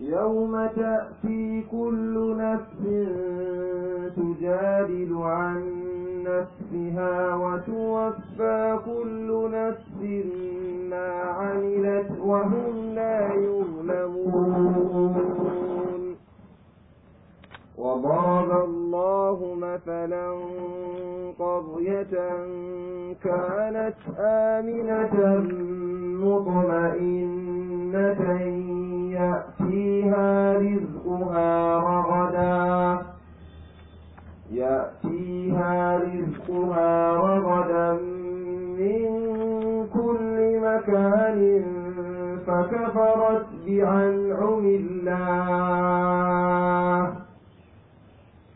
يوم تأتي كل نفس تجادل عن نفسها وتوفى كل نفس ما عملت وهم لا يظلمون وضرب الله مثلا قرية كانت آمنة مطمئنة يأتي فيها رزقها رغدا يأتيها رزقها رغدا من كل مكان فكفرت بأنعم الله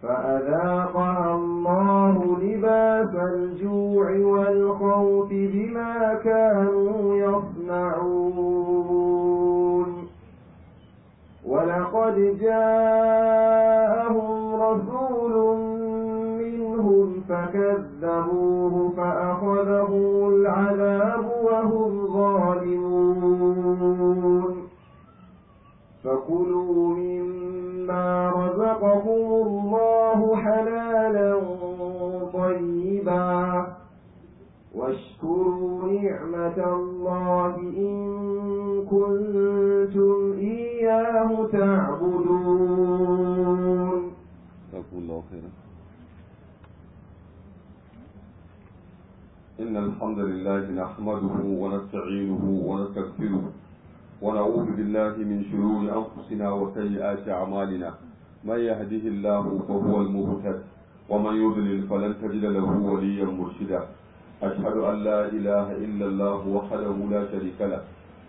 فأذاقها الله لباس الجوع والخوف بما كانوا يصنعون ولقد جاءهم رسول منهم فكذبوه فأخذهم العذاب وهم ظالمون فكلوا مما رزقكم الله حلالا طيبا واشكروا نعمة الله إن كنتم إياه تعبدون جزاكم الله خيرا إن الحمد لله نحمده ونستعينه ونستغفره ونعوذ بالله من شرور أنفسنا وسيئات أعمالنا من يهده الله فهو المهتد ومن يضلل فلن تجد له وليا مرشدا أشهد أن لا إله إلا الله وحده لا شريك له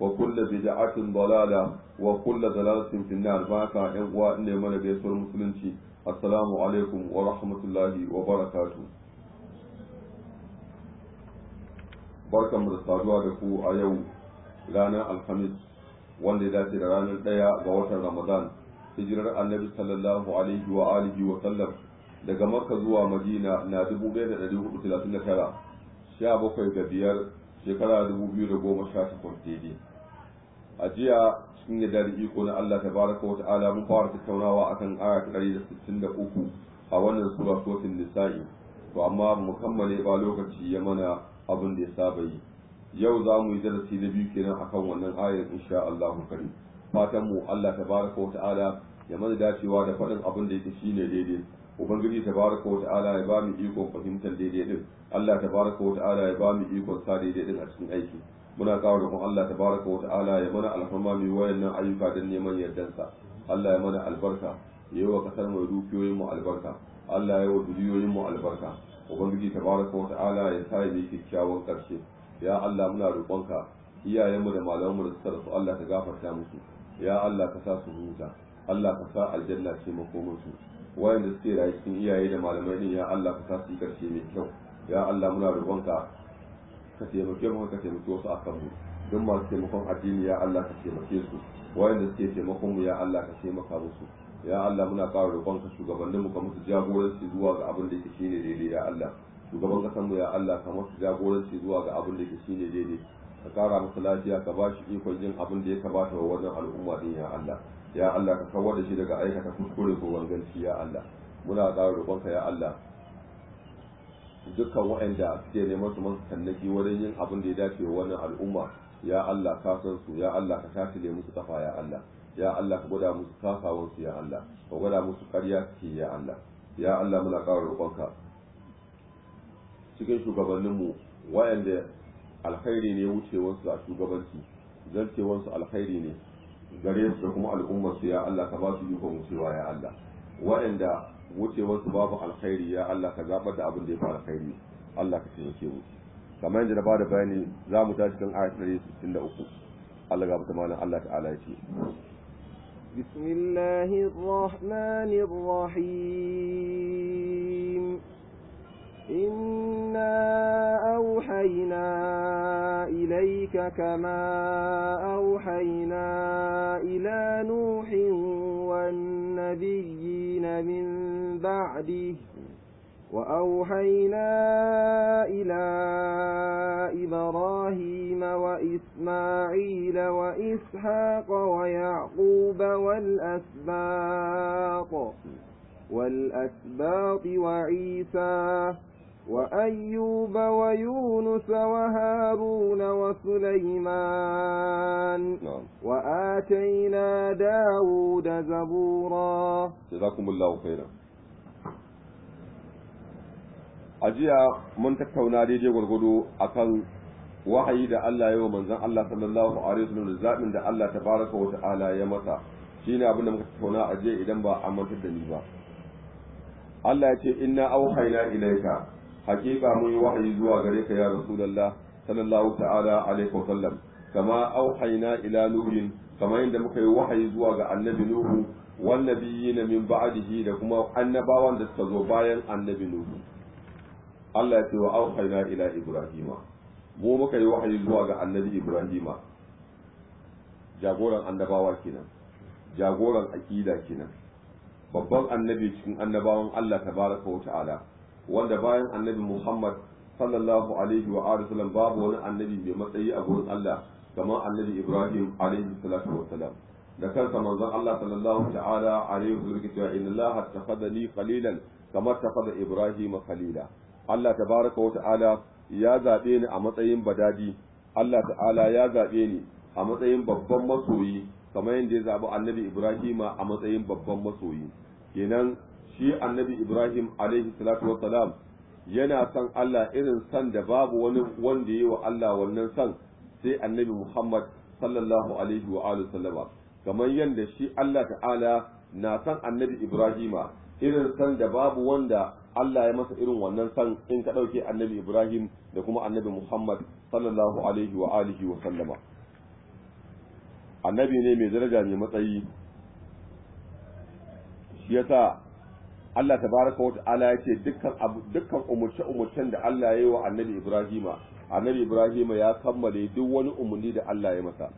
وكل بدعة ضلالة وكل ضلالة في النار uwa إن وإن من بيسر المسلمين السلام عليكم ورحمة الله وبركاته barkan mu da saduwa da ku a yau ranar alhamis wanda ya dace da ranar daya ga watan ramadan hijirar annabi sallallahu alaihi wa alihi wa sallam daga makka zuwa madina na 1439 bakwai ga biyar. shekara dubu biyu da goma sha takwas daidai a jiya cikin yadda da iko na Allah ta baraka wata ala mun fara tattaunawa akan aya ta uku a wannan sura sotin nisa'i to amma mu kammale ba lokaci ya mana abin da ya saba yi yau za mu yi darasi na biyu kenan akan wannan ayar insha Allahu karim fatan mu Allah ta baraka wata ala ya mana dacewa da faɗin abin da yake shine daidai ubangiji tabaraka wa ta'ala ya ba mu ikon fahimtar daidai din Allah tabaraka wa ta'ala ya ba mu ikon sa daidai din a cikin aiki muna kawo da Allah tabaraka wa ta'ala ya mana alfarma mai wayannan ayyuka don neman yardansa Allah ya mana albarka ya yi wa kasar mu dukiyoyin mu albarka Allah ya wa duniyoyin mu albarka ubangiji tabaraka wa ta'ala ya sa mu kyakkyawan karshe ya Allah muna roƙonka iyayenmu da malamanmu da suka rasu Allah ka gafarta musu ya Allah ka sa su huta Allah ka sa aljanna ce su. wayanda suke da cikin iyaye da malamai din ya Allah ka sa su karshe mai kyau ya Allah muna roƙon ka taimake mu ka taimake wasu a kanmu don masu taimakon addini ya Allah ka taimake su wayanda suke taimakon mu ya Allah ka taimaka musu ya Allah muna ƙara roƙon ka shugabannin mu ka musu jagoranci zuwa ga abin da yake shine daidai ya Allah shugaban kasan mu ya Allah ka musu jagoranci zuwa ga abin da yake shine daidai ka ƙara musu lafiya ka ba shi ikon yin abin da ya kamata wa wannan al'umma din ya Allah ya Allah ka kawar da shi daga aikata kuskure ko wanganci ya Allah muna ƙara roƙonka ya Allah dukkan waɗanda suke neman su masu tannaki wurin yin abin da ya dace wa wannan al'umma ya Allah ka san su ya Allah ka tashi musu kafa ya Allah ya Allah ka gwada musu kafawan su ya Allah ka gwada musu ƙarya ce ya Allah ya Allah muna ƙara roƙonka cikin shugabanninmu waɗanda alkhairi ne wucewarsu a shugabanci zarcewarsu alkhairi ne gare su da kuma al'ummar su ya Allah ka ba su ikon wucewa ya Allah waɗanda wucewar su babu alkhairi ya Allah ka zaɓar da abin da ya fi alkhairi Allah ka taimake mu kamar yadda na ba da bayani za mu tashi kan ayat uku Allah ga malam Allah ta'ala ya ce bismillahir rahmanir rahim إنا أوحينا إليك كما أوحينا إلى نوح والنبيين من بعده وأوحينا إلى إبراهيم وإسماعيل وإسحاق ويعقوب والأسباط والأسباط وعيسى وأيوب ويونس وهارون وسليمان نعم. وآتينا داود زبورا جزاكم الله خيرا أجيا من تكتونا ديجي والغدو أكل wahayi da Allah ya yi wa Allah sallallahu alaihi wasallam zaɓin da Allah tabaraka wa ta'ala ya masa shine abin da muka tattauna a je idan ba a mantar da ni ba Allah ya ce inna auhayna ilayka hakika mun yi wahayi zuwa gare ka ya rasulullah sallallahu ta'ala alaihi wa sallam kama auhayna ila nuhin kamar yadda muka yi wahayi zuwa ga annabi nuhu wan nabiyina min ba'dihi da kuma annabawan da suka zo bayan annabi nuhu Allah ya ce wa auhayna ila ibrahima mu muka yi wahayi zuwa ga annabi ibrahima jagoran annabawa kenan jagoran aqida kenan babban annabi cikin annabawan Allah tabaraka wa ta'ala wanda bayan annabi Muhammad sallallahu alaihi wa alihi wasallam babu wani annabi mai matsayi a gurin Allah kamar annabi Ibrahim alaihi salatu wassalam da kansa manzon Allah sallallahu ta'ala alaihi wasallam yake cewa inna Allah tafaddali qalilan kama tafada Ibrahim khalila Allah tabaraka wa ta'ala ya zabe ni a matsayin badadi Allah ta'ala ya zabe ni a matsayin babban masoyi kamar yadda ya zabi annabi Ibrahim a matsayin babban masoyi kenan shi annabi ibrahim alaihi salatu wassalam yana san Allah irin san da babu wani wanda yi wa Allah wannan san sai annabi Muhammad sallallahu alaihi wa alihi sallama kamar yadda shi Allah ta'ala na san annabi Ibrahima irin san da babu wanda Allah ya masa irin wannan san in ka ɗauke annabi Ibrahim da kuma annabi Muhammad sallallahu alaihi wa alihi wa sallama annabi ne mai daraja mai matsayi shi yasa Allah ta tabaraka wa ta'ala ya ce dukkan dukkan umurce umurcen da Allah ya yi wa Annabi Ibrahima Annabi Ibrahima ya kammale duk wani umurni da Allah ya masa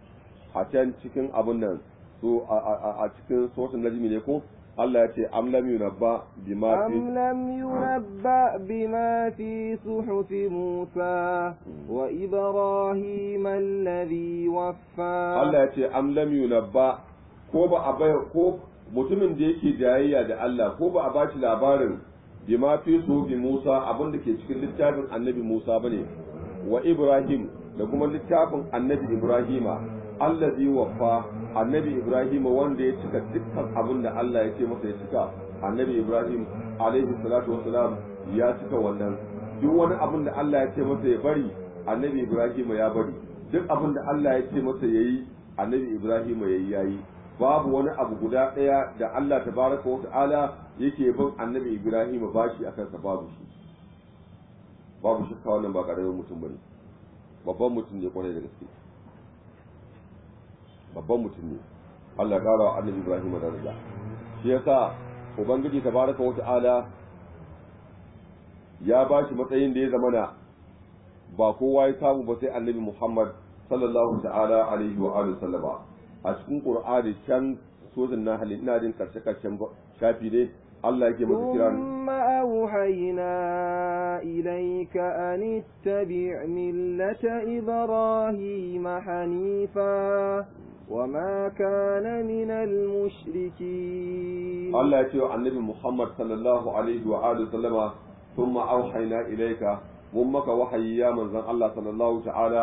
a can cikin abin nan so a cikin sautin najmi ne ko Allah ya ce am lam yunabba bima fi am lam yunabba bima fi suhufi Musa wa Ibrahim alladhi waffa Allah ya ce am lam yunabba ko ba a bai ko mutumin da yake jayayya da Allah ko ba a shi labarin bima fi bi Musa abin da ke cikin littafin annabi Musa bane wa Ibrahim da kuma littafin annabi Ibrahima allazi waffa annabi Ibrahima wanda ya cika dukkan abin da Allah ya ce masa ya cika annabi Ibrahim alaihi salatu wassalam ya cika wannan duk wani abin da Allah ya ce masa ya bari annabi Ibrahima ya bari duk abin da Allah ya ce masa yayi annabi Ibrahima yayi yayi babu wani abu guda ɗaya da Allah baraka wa ta'ala yake bin annabi Ibrahim bashi a kansa babu shi babu shi ka wannan ba karamin mutum bane babban mutum ne kwarai da gaske babban mutum ne Allah ƙara wa annabi Ibrahim da rida shi yasa ubangiji baraka wa ta'ala ya bashi matsayin da ya zamana ba kowa ya samu ba sai annabi Muhammad sallallahu ta'ala alaihi wa alihi sallama a cikin ƙur'ani can sozin na halin ina din karshe karshen shafi ne Allah yake masa kiran ma auhayna ilaika an ittabi' millata ibrahim hanifa وما كان من المشركين الله يتيو عن نبي محمد صلى الله عليه وآله وسلم ثم أوحينا إليك ومك وحي يا من الله صلى الله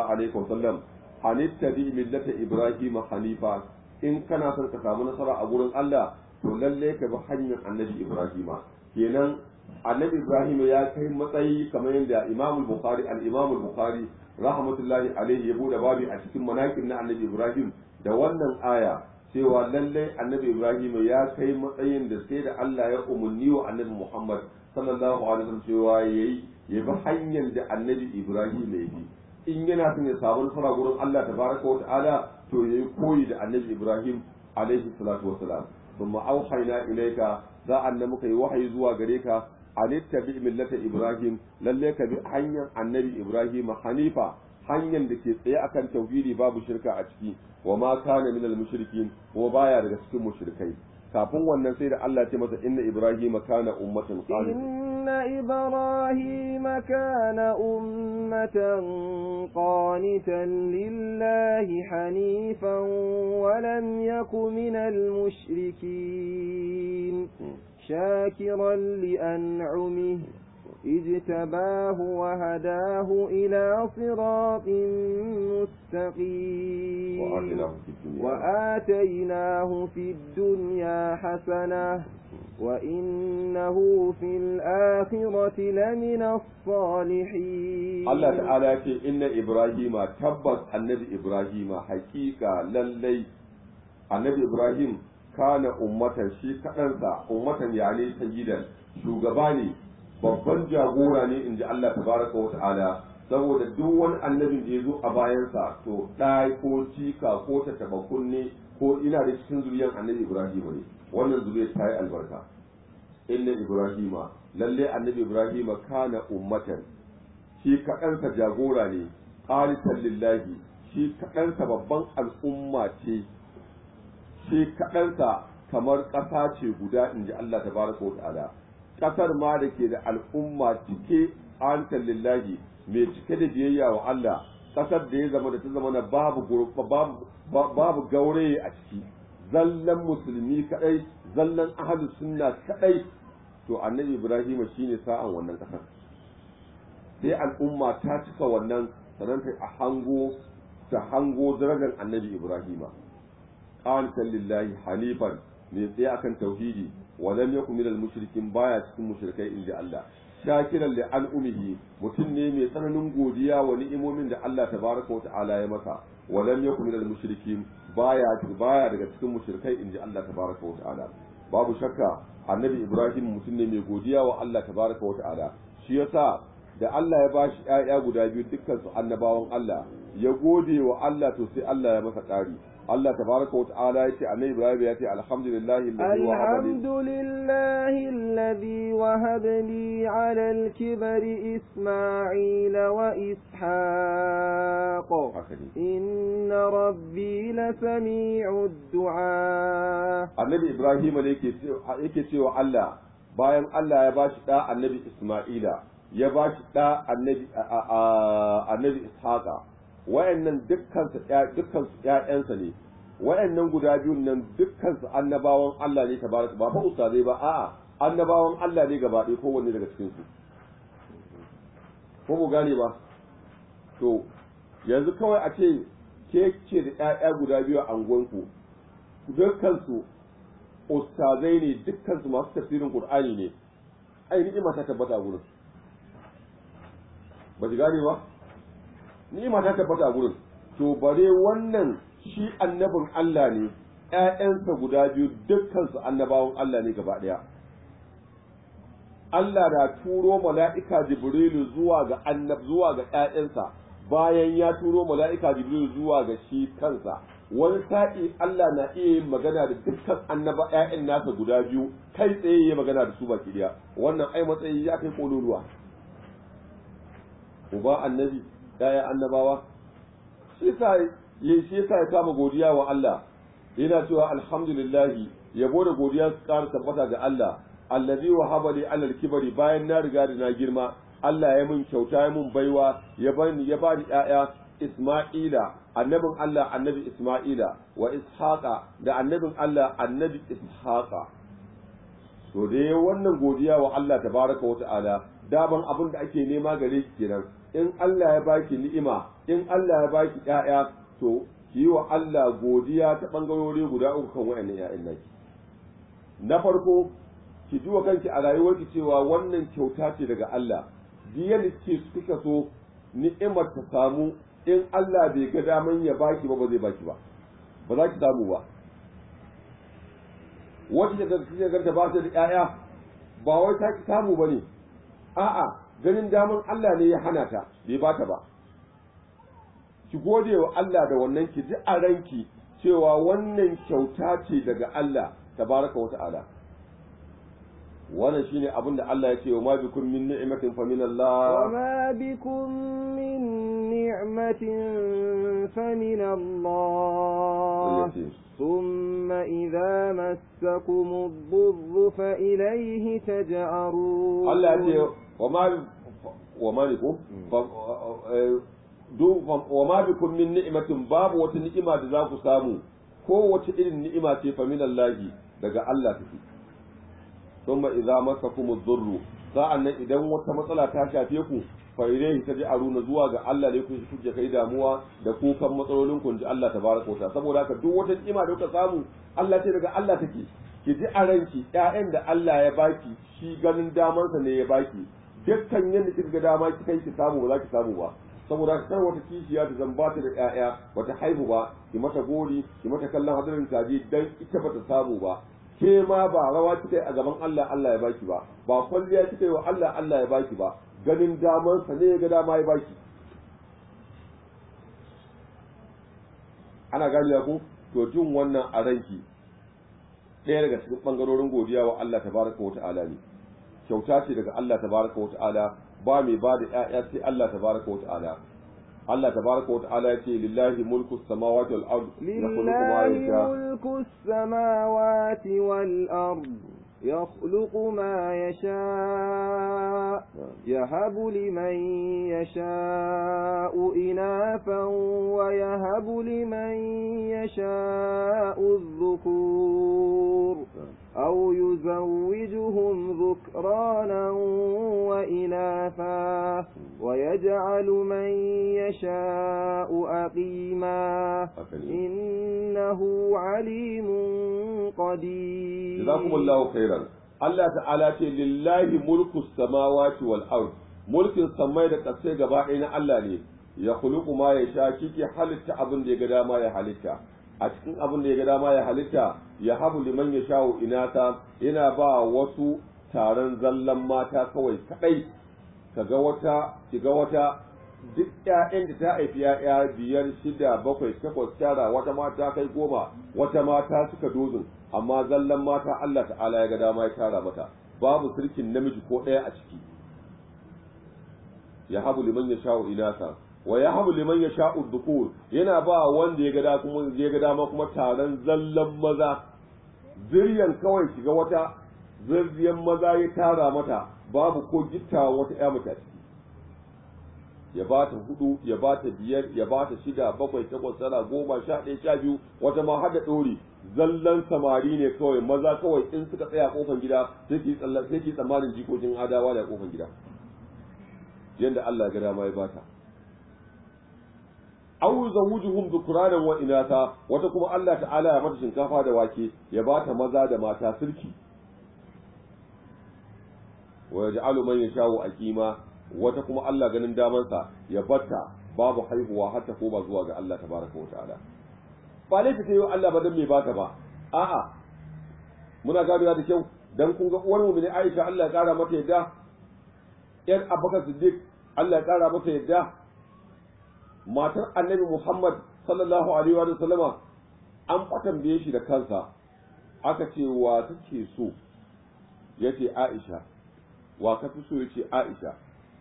alaihi wa وسلم anittabi millata ibrahim halifa in kana son ka samu nasara a gurin Allah to lalle ka bi hanyar annabi ibrahim kenan annabi ibrahim ya kai matsayi kamar yadda imamu bukhari al-imamu bukhari rahmatullahi alaihi ya bude babi a cikin manakin na annabi ibrahim da wannan aya cewa lalle annabi ibrahim ya kai matsayin da sai da Allah ya umarni wa annabi muhammad sallallahu alaihi wasallam cewa yayi ya bi hanyar da annabi ibrahim ya bi in yana son ya samu fara gurin Allah tabaraka wa ta'ala to yayi koyi da annabi Ibrahim alaihi salatu wassalam thumma auhayna ilayka za anna muka yi wahayi zuwa gare ka alittabi millata Ibrahim lalle ka bi hanyar annabi Ibrahim hanifa hanyar da ke tsaye akan tauhidi babu shirka a ciki wa ma kana minal mushrikin wa baya daga cikin mushrikai kafin wannan sai da Allah ya ce masa inna Ibrahim kana ummatan qanitin إن إبراهيم كان أمة قانتا لله حنيفا ولم يك من المشركين شاكرا لأنعمه اجتباه وهداه إلى صراط مستقيم وآتيناه في الدنيا حسنة وإنه في الآخرة لمن الصالحين الله تعالى في إن إبراهيم تبت النبي إبراهيم حقيقة للي النبي إبراهيم كان أمة شيء كأنسى أمة يعني سيدا شو babban jagora ne in ji Allah ta baraka wa ta'ala saboda duk wani annabin da ya zo a bayansa to ɗaya ko cika ko ta taba kunne ko ina da cikin zuriyar annabi Ibrahim ne wannan zuriyar ta yi albarka inna Ibrahima lalle annabi Ibrahima kana ummatan shi kaɗansa jagora ne qalitan lillahi shi kaɗansa babban al'umma ce shi kaɗansa kamar ƙasa ce guda in ji Allah tabaraka wa ta'ala ƙasar ma da ke da al'umma cike antan lillahi mai cike da biyayya wa Allah ƙasar da ya zama da ta zama na babu babu gauraye a ciki zallan musulmi kadai zallan ahlus sunna kadai to annabi ibrahim shine sa'an wannan kasar sai al'umma ta cika wannan sanan ta hango ta hango darajar annabi Ibrahim, qanitan lillahi halifan ne tsaye akan tauhidi wa lam yakun al mushrikin baya cikin mushrikai inda Allah shakiran li al'umihi mutum ne mai tsananin godiya wa ni'imomin da Allah tabaraka wa ta'ala ya masa wa lam yakun al mushrikin baya baya daga cikin mushrikai inda Allah tabaraka wa ta'ala babu shakka annabi Ibrahim mutum ne mai godiya wa Allah tabaraka wa ta'ala shi yasa da Allah ya bashi ƴaƴa guda biyu dukkan su annabawan Allah ya gode wa Allah to sai Allah ya masa ƙari Allah ta tabaraka wa ta'ala yace annabi Ibrahim ya ce alhamdulillahi alladhi alhamdulillahi alladhi wahaba li 'ala al-kibri Isma'il wa Ishaq inna rabbi la ad-du'a Annabi Ibrahim ne yake cewa Allah bayan Allah ya bashi da annabi Isma'ila ya bashi da annabi annabi Ishaqa wa'annan dukkan su dukkan su ƴaƴansa ne wa'annan guda biyun nan dukkan su annabawan Allah ne tabaraka ba ba ustazai ba a'a annabawan Allah ne gaba ɗaya kowanne daga cikin su ko mu gane ba to yanzu kawai a ce ke ce da ƴaƴa guda biyu a anguwanku dukkan su ustazai ne dukkan su masu tafsirin Qur'ani ne ai ma ta tabbata gurin ba ji gane ba ni'ima ta tabbata a gurin to bare wannan shi annabin Allah ne ‘ya'yansa guda biyu su annabawan Allah ne gaba ɗaya. Allah da turo mala'ika Jibrilu zuwa ga annab zuwa ga ‘ya'yansa bayan ya turo mala'ika Jibrilu zuwa ga shi kansa. Wani sa'i Allah na iya yin magana da dukkan annaba ƴaƴan nasa guda biyu kai tsaye ya magana da su baki ɗaya. Wannan ai matsayi ya kai kololuwa Uba annabi 'ya'yan annabawa shi yasa ya kama godiya wa Allah yana cewa alhamdulillahi yabo da godiya su ƙara tabbata ga Allah allazi wa li alal kibari bayan na riga da na girma Allah ya mun kyauta ya mun baiwa ya bani ya bani ƴaƴa Isma'ila annabin Allah annabi Isma'ila wa Ishaqa da annabin Allah annabi Ishaqa to dai wannan godiya wa Allah tabaraka wa ta'ala daban abin da ake nema gare ki kenan in Allah ya baki ni'ima in Allah ya baki ƴaƴa to ki yi wa Allah godiya ta bangarori guda uku kan wayannan ƴaƴan naki na farko ki ji wa kanki a rayuwar ki cewa wannan kyauta ce daga Allah biyan ki suka so ni'imar ta samu in Allah bai ga daman ya baki ba ba zai baki ba ba za ki samu ba wacce da kike ta ba ta da ƴaƴa ba wai ta ki samu ba ne? a'a ganin daman Allah ne ya hana ta bai ba ta ba ki gode wa Allah da wannan ki ji a ranki cewa wannan kyauta ce daga Allah tabaraka wa ta'ala wannan shine abin da Allah ya ce wa ma bikum min ni'matin fa min Allah wa ma bikum min ni'matin fa min Allah thumma idza massakum ad-dhurru fa ilayhi taj'arun Allah ya ce wa ma wa ma bikum hmm. eh, wa ma bikum min ni'matin babu wata ni'ima da za ku samu ko wata irin ni'ima ce fa min Allah daga Allah take iza masa kuma zurru sa'an nan idan wata matsala ta shafe ku ji a runa zuwa ga Allah ne kun kuke kai damuwa da kukan matsalolin ku ji Allah tabaraka wa saboda haka duk wata kima da kuka samu Allah ce daga Allah take ki ji a ranki ƴaƴan da Allah ya baki shi ganin damarsa ne ya baki dukkan yadda kika ga dama kika yi ki samu ba za ki samu ba saboda kar wata kishiya da zan ba ta da ƴaƴa bata haihu ba ki mata gori ki mata kallon hadarin kaji dan ita bata samu ba ke ma ba rawa kike a gaban Allah Allah ya baki ba ba kwalliya kike wa Allah Allah ya baki ba ganin sa ne ya ga dama ya baki ana gani ku to jin wannan a ranki ɗaya daga cikin bangarorin godiya wa Allah tabaraka wa ta'ala ne kyauta ce daga Allah tabaraka wa ta'ala ba mai ba da ƴaƴa sai Allah tabaraka wa ta'ala الله تبارك وتعالى يتي لله ملك السماوات والأرض لله ملك السماوات والأرض يخلق ما يشاء يهب لمن يشاء إناثا ويهب لمن يشاء الذكور أو يزوجهم ذكرانا وإناثا ويجعل من يشاء أقيما إنه عليم قدير جزاكم الله خيرا الله تعالى لله ملك السماوات والأرض ملك السماوات لك السيقى باعين لي يخلق ما يشاء حل حالك أظن دي ما يحالك a cikin abin da ya ga dama ya halitta ya habu liman ya sha'u inata yana ba wasu taron zallan mata kawai kadai kaga wata kiga wata duk ƴaƴan da ta haifi ƴaƴa biyar shida bakwai takwas tara wata mata kai goma wata mata suka dozin amma zallan mata Allah ta'ala ya ga dama ya tara mata babu sirkin namiji ko ɗaya a ciki ya habu liman ya sha'u inata wa hamu liman ya sha dhukur yana ba wanda ya ga kuma ya gada dama kuma taron zallan maza zuriyan kawai shiga wata zuriyan maza ya tara mata babu ko gitta wata ya mace ya ba ta hudu ya ba ta biyar ya ba ta shida bakwai takwas tara goma sha ɗaya sha biyu wata ma hada ɗori zallan samari ne kawai maza kawai in suka tsaya kofan gida sai ki tsammanin jikokin adawa da kofan gida yadda Allah ga dama ya ba ta. aw zawujuhum dhukranan wa inatha wata kuma Allah ta'ala ya mata shinkafa da wake ya bata maza da mata sirki wa yaj'alu man yasha'u aqima wata kuma Allah ganin sa ya batta babu haihuwa har ta koma zuwa ga Allah tabaraka wa ta'ala ba laifi ta yi wa Allah ba dan me baka ba a'a muna gabewa da kyau dan kun ga uwar mu ne Aisha Allah ya kara mata yadda yar abaka Siddiq Allah ya kara mata yadda matar annabi Muhammad sallallahu alaihi wa sallama an fatambaye shi da kansa aka ce wa take so yace Aisha wa ka fi so yace Aisha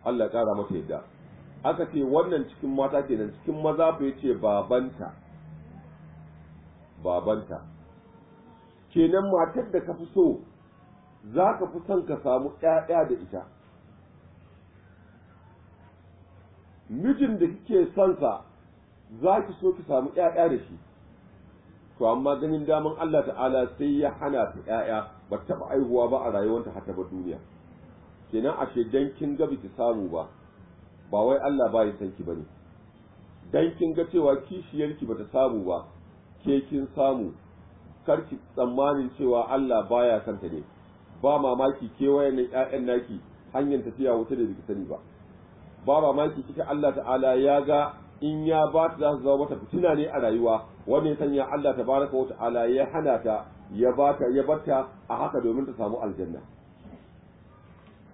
Allah ƙara mata yadda aka ce wannan cikin mata kenan cikin maza fa yace babanta babanta kenan matar da ka fi so za ka fi son ka samu ƴaƴa da ita mijin da kike son sa za ki so ki samu 'ya'ya da shi to amma ganin damar Allah ta'ala sai ya hana ta 'ya'ya ba taɓa aihuwa ba a rayuwarta har ta ba duniya kenan ashe dan kin ga biki samu ba ba wai Allah ba ya san ki bane dan kin ga cewa kishiyarki bata samu ba ke kin samu kar ki tsammanin cewa Allah baya santa ne ba mamaki ke wayannan 'ya'yan naki hanyar tafiya wuta da biki sani ba ba Maki kika Allah ta'ala ya ga in ya ba ta za su zama mata fitina ne a rayuwa wanda ya sanya Allah baraka wa ta'ala ya hana ta ya ba ta ya barta a haka domin ta samu aljanna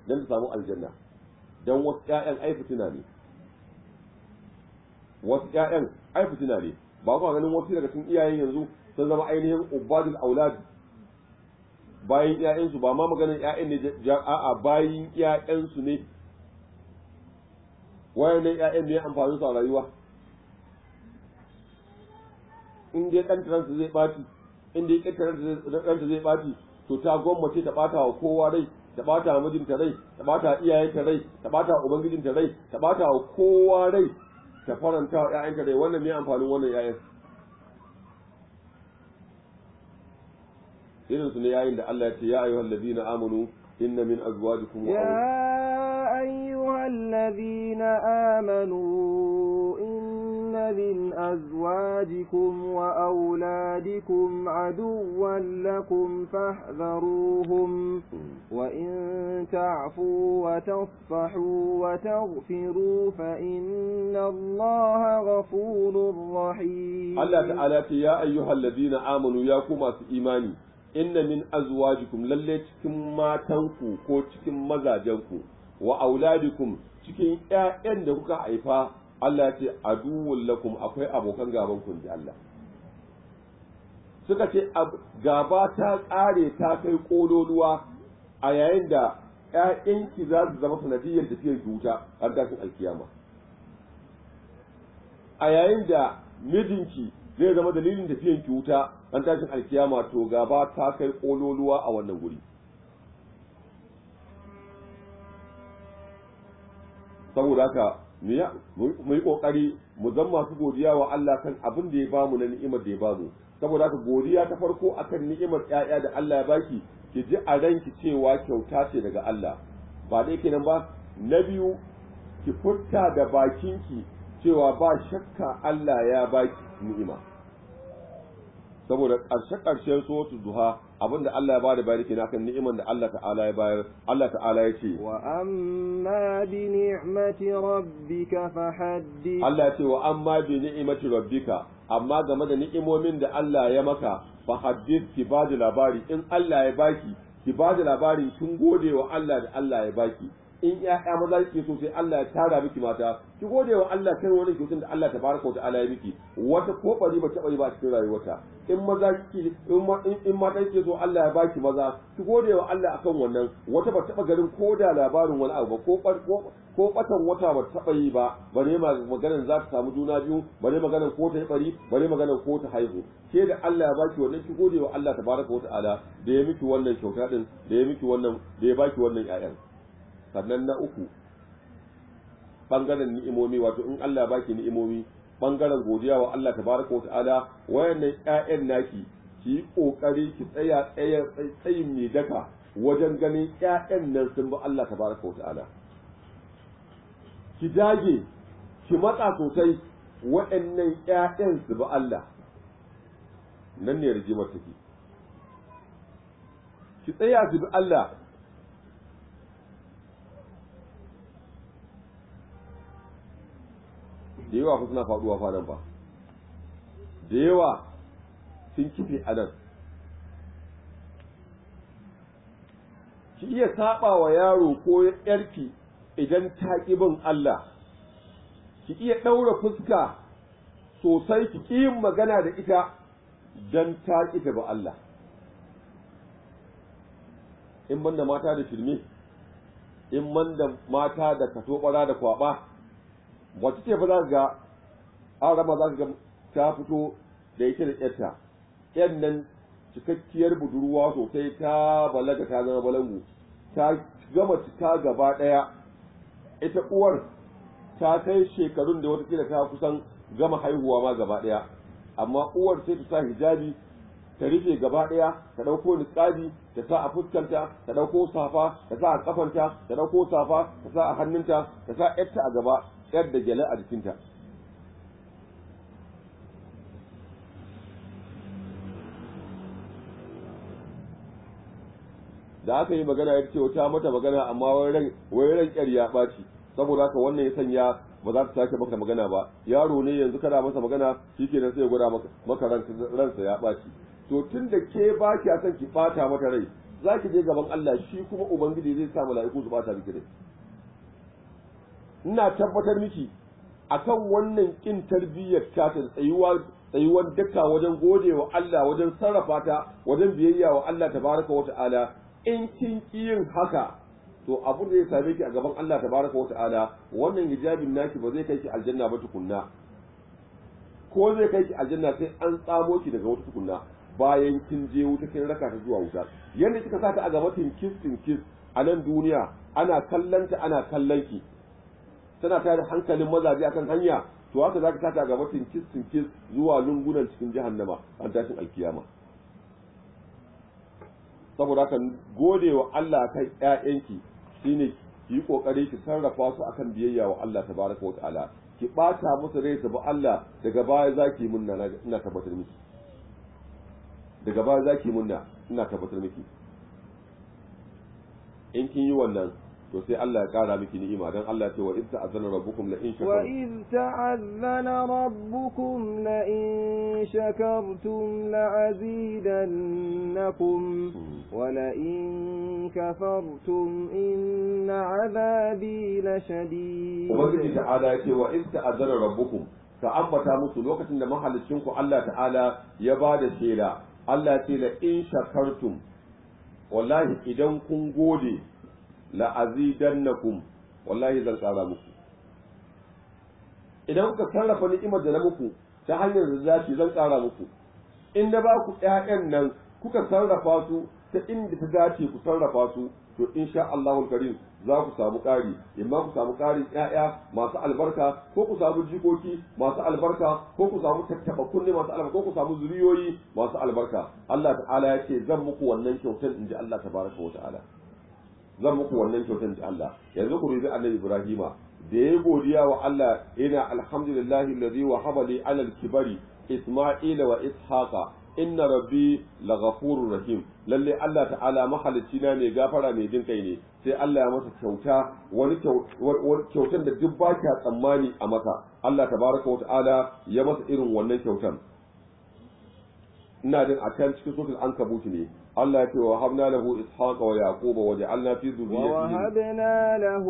dan ta samu aljanna dan wasu ƴaƴan ai fitina ne wasu ƴaƴan ai fitina ne ba ku ganin wasu daga cikin iyayen yanzu sun zama ainihin ubadul aulad Bayin ƴaƴansu ba ma maganin ƴaƴan ne a'a bayin ƴaƴansu ne wayannan ƴaƴan ne amfanin su a rayuwa in dai ɗan ransa zai ɓaci in dai ƙetaren zai ɓaci to ta gwammace ta ɓata wa kowa rai ta ɓata wa mijinta rai ta ɓata wa iyayenta rai ta ɓata wa ubangijinta rai ta ɓata wa kowa rai ta faranta wa ƴaƴanta rai wannan ne amfanin wannan ƴaƴan irin su ne yayin da Allah ya ce ya ayyuhal ladina amanu inna min azwajikum wa أيها الذين آمنوا إن من أزواجكم وأولادكم عدوا لكم فاحذروهم وإن تعفوا وتصفحوا وتغفروا فإن الله غفور رحيم ألا تعالى يا أيها الذين آمنوا يا كما إيماني إن من أزواجكم lalle cikin matanku ko cikin wa auladikum cikin ƴaƴan da kuka haifa Allah ya ce aduwwul lakum akwai abokan gaban ku Allah suka ce gaba ta ƙare ta kai ƙololuwa a yayin da ‘ya'yanki za su zama sanadiyar tafiyar wuta har gashin alkiyama a yayin da mijinki zai zama dalilin tafiyar wuta har gashin alkiyama to gaba ta kai ƙololuwa a wannan guri saboda haka mu yi kokari mu zan masu godiya wa Allah kan abin da ya ba mu na ni'imar da ya ba mu. saboda haka godiya ta farko akan ni'imar ƴaƴa da Allah ya baki ki ji a ranki cewa kyauta ce daga Allah ba dai kenan ba na biyu ki furta da bakin ki cewa ba shakka Allah ya baki ni'ima saboda ƙarshe-ƙarshen suratul duha abin da Allah ya bada bayani kenan kan ni'imar da Allah ta'ala ya bayar Allah ta'ala ya ce wa amma bi ni'mati rabbika fa haddith Allah ya ce wa amma bi ni'mati rabbika amma game da ni'imomin da Allah ya maka fa haddith ki bada labari in Allah ya baki ki bada labari kin gode wa Allah da Allah ya baki in ƴaƴa maza kike so sai Allah ya tara miki mata ki gode wa Allah kai wannan kyautar da Allah tabaraka wa ta'ala ya miki wata ko bari ba taɓa yi ba cikin rayuwarta in maza kike in ma in mata kike so Allah ya baki maza ki gode wa Allah akan wannan wata ba taɓa garin ko da labarin wani abu ba ko ko ko batan wata ba taɓa yi ba bare maganar za ta samu juna biyu bare maganar ko ta yi bari bare maganar ko ta haihu ke da Allah ya baki wannan ki gode wa Allah tabaraka wa ta'ala da ya miki wannan kyauta din da ya miki wannan da ya baki wannan ƴaƴan sannan na uku bangaren ni'imomi wato in Allah baki ni'imomi bangaren godiya wa Allah tabaraka wa ta'ala wayannan ƴaƴan naki ki yi kokari ki tsaya tsaya tsayin mai daka wajen ganin ƴaƴan nan sun bi Allah tabaraka wa ta'ala ki dage ki matsa sosai wayannan ƴaƴan su bi Allah nan ne rigimar take ki tsaya su bi Allah da yawa fa suna faduwa fa ba da yawa sun kife a nan ki iya saɓa wa yaro ko yarki idan ta ƙi bin Allah ki iya ɗaura fuska sosai ki ƙi yin magana da ita don ta ƙi ta ba Allah in banda mata da firme, in banda mata da kato ɓara da kwaɓa wacce ce fa za ga an rama za ga ta fito da ita da ƴarta ƴan nan cikakkiyar budurwa sosai ta balaga ta zama balangu ta gama cika gaba ɗaya ita uwar ta kai shekarun da wata kila ta kusan gama haihuwa ma gaba ɗaya amma uwar sai ta sa hijabi ta rufe gaba ɗaya ta ɗauko niƙabi ta sa a fuskanta ta ɗauko safa ta sa a ƙafanta ta ɗauko safa ta sa a hannunta ta sa ƴarta a gaba yar da gyale a jikinta da aka yi magana ya ce wata mata magana amma wai ran kyar ya ɓaci saboda haka wannan ya sanya ba za ta sake maka magana ba yaro ne yanzu kada masa magana shi ke sai ya gwada maka ransa ya ɓaci to tun da ke ba ki a san ki ɓata mata rai za ki je gaban Allah shi kuma ubangiji zai sa mala'iku su ɓata miki ina tabbatar miki akan wannan kin tarbiyyar ta tsayuwa tsayuwar dukka wajen gode wa Allah wajen sarrafa ta wajen biyayya wa Allah tabaraka wa ta'ala in kin yin haka to abin da ya same ki a gaban Allah tabaraka wa ta'ala wannan hijabin naki ba zai kai ki aljanna ba tukunna ko zai kai ki aljanna sai an tsamo ki daga wata tukunna bayan kin je wuta kin raka ta zuwa wuta yanda kika sa ta a gaban kin kin kin a nan duniya ana kallanta ana kallon ki tana da hankalin mazaje akan hanya to haka zaka taka gaba tinkis tinkis zuwa lungunan cikin jahannama an tashin alkiyama saboda haka gode wa Allah kan ƴaƴanki shine ki yi kokari ki sarrafa su akan biyayya wa Allah tabaraka wa ta'ala ki bata musu rai su bi Allah daga baya zaki munna ina tabbatar miki daga baya zaki munna ina tabbatar miki in kin yi wannan to sai Allah ya kara miki ni'ima dan Allah ya ce wa idza azana rabbukum la in shakartum wa idza azana rabbukum la in shakartum la azidannakum hmm. wa la in kafartum inna azabi la shadid ubangiji ta'ala ya ce wa idza azana rabbukum ka ambata musu lokacin da mahalicin ku Allah ta'ala ya ba da shela Allah ce la in shakartum wallahi idan kun gode la azidannakum wallahi zan tsara muku idan kuka sarrafa ni'imar da na muku ta hanyar da zan tsara muku inda da ba ku ƴaƴan nan kuka sarrafa su ta inda ta dace ku sarrafa su to insha Allahul Karim za ku samu ƙari imma ku samu ƙarin ƴaƴa masu albarka ko ku samu jikoki masu albarka ko ku samu tattaba kunne masu albarka ko ku samu zuriyoyi masu albarka Allah ta'ala ya ce zan muku wannan kyautar inji Allah tabaraka wa ta'ala zan muku wannan kyautar da Allah yanzu ku rubi annabi Ibrahima da ya godiya wa Allah ina alhamdulillahi alladhi wahaba li ala kibari Isma'ila wa Ishaqa inna rabbi laghafurur rahim lalle Allah ta'ala mahalicci na ne gafara mai jin kai ne sai Allah ya masa kyauta wani kyautar da duk ba tsammani a masa Allah tabaraka wa ta'ala ya masa irin wannan kyautar ina jin kan cikin suratul ankabut ne الله في وهبنا له إسحاق ويعقوب وجعلنا في ذريته ووهبنا له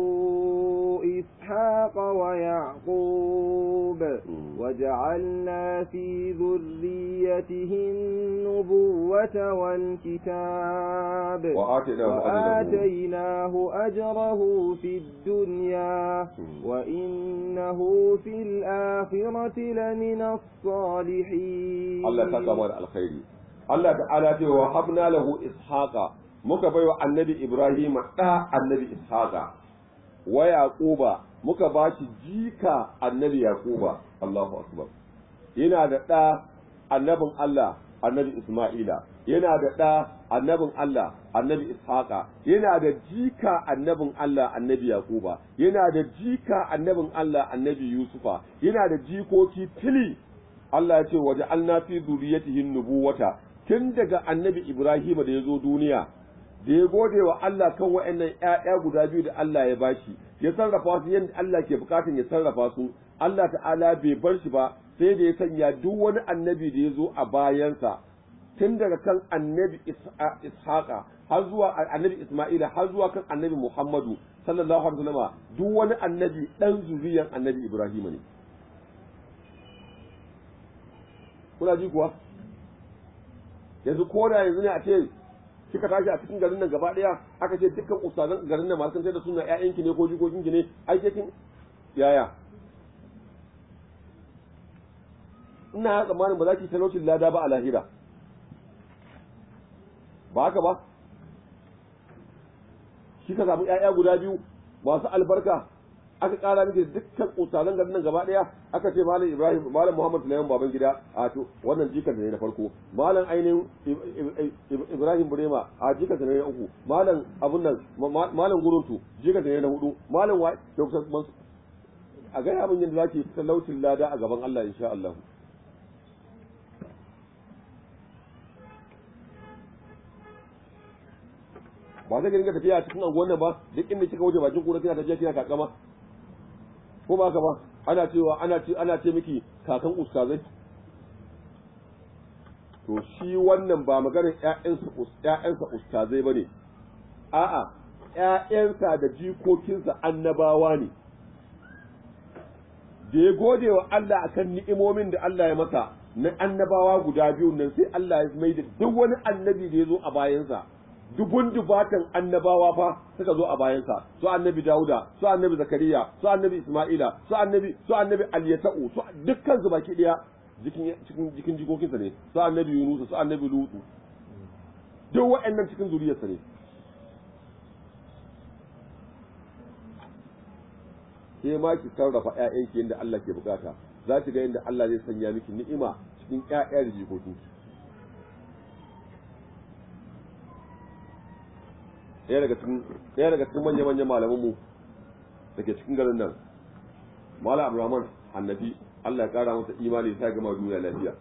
إسحاق ويعقوب وجعلنا في ذريته النبوة والكتاب وآتيناه, وآتيناه أجره في الدنيا وإنه في الآخرة لمن الصالحين الله تكبر الخير Allah ta'ala ce wa habna lahu ishaqa muka baiwa annabi Ibrahim da annabi ishaqa wa yaquba muka ba shi jika annabi yaquba Allahu akbar yana da da annabin Allah annabi Isma'ila yana da da annabin Allah annabi Ishaqa yana da jika annabin Allah annabi Yaquba yana da jika annabin Allah annabi Yusufa yana da jikoki fili Allah ya ce waje alna fi zuriyatihin nubuwata tun daga annabi Ibrahim da ya zo duniya da ya gode wa Allah kan wa'annan ‘ya'ya guda biyu da Allah ya bashi ya sarrafa su yadda Allah ke bukatan ya sarrafa su Allah ta'ala bai bar shi ba sai da ya sanya duk wani annabi da ya zo a bayansa tun daga kan annabi ishaqa har zuwa annabi isma'ila har zuwa kan annabi muhammadu sallallahu alaihi wasallam duk wani annabi dan annabi ibrahim ne kuna ji kuwa yanzu ko da yanzu ne a ce kika tashi a cikin garin nan gaba daya aka ce dukkan ustazan garin nan masu kantar da suna ki ne ko jikokinki ne ai ke kin yaya ina tsammanin ba za ki talaucin lada ba a lahira ba haka ba kika ka samu ƴaƴa guda biyu masu albarka aka kara miki dukkan kutsalan garin nan gaba daya aka ce malam Ibrahim malam Muhammad Sulaiman baban gida a to wannan jikan ne na farko malam ainihin Ibrahim Burema a jikan ne na uku malam abun nan malam Guruntu jikan ne na hudu malam wa da kusan a gaya min yadda zaki talautin lada a gaban Allah insha Allah ba zai ringa tafiya cikin anguwan nan ba duk inda kika waje bakin kura kina tafiya kina kakama ko ba ka ba ana cewa ana ce ana ce miki kakan ustazai to shi wannan ba maganar ƴaƴansa ƴaƴansa ustazai bane a'a ƴaƴansa da jikokinsa annabawa ne da ya gode wa Allah akan ni'imomin da Allah ya masa na annabawa guda biyu nan sai Allah ya mai da duk wani annabi da ya zo a bayansa dubun dubatan annabawa fa suka zo a bayansa su annabi dauda su annabi zakariya su annabi isma'ila su annabi su annabi alyata'u su dukkan su baki daya cikin jikokin jikokinsa ne su annabi yunus su annabi lutu duk wa'annan cikin zuriyarsa ne sai ma ki sarrafa ƴaƴanki yadda Allah ke bukata za ki ga yadda Allah zai sanya miki ni'ima cikin ƴaƴan jikokin ki ɗaya daga cikin manya manyan malaman mu da ke cikin garin nan malam abdurrahman annabi Allah ya kara masa imani ta gama duniya lafiya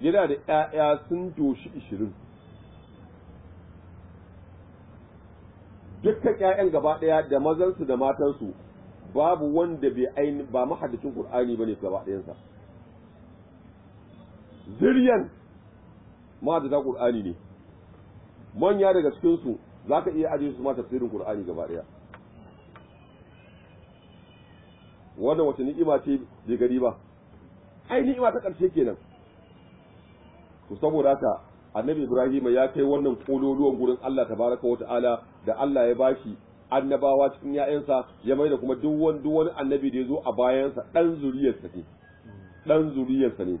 yana da ƴaƴa sun doshi ishirin dukkan ƴaƴan gaba ɗaya da mazansu da matansu babu wanda bai aini ba mahaddacin ba ne gaba ɗayansa zuriyan ma'adada ƙur'ani ne manya daga cikinsu za ka iya ajiye su ma tafsirin ƙur'ani gaba ɗaya wannan wace ni'ima ce bai gari ba ai ni'ima ta karshe kenan ku saboda ta annabi ibrahim ya kai wannan ƙololuwan gurin Allah ta baraka wa ta'ala da Allah ya bashi annabawa cikin ya'yansa ya mai da kuma duk wani annabi da ya zo a bayansa ɗan zuriyarsa ne ɗan zuriyarsa ne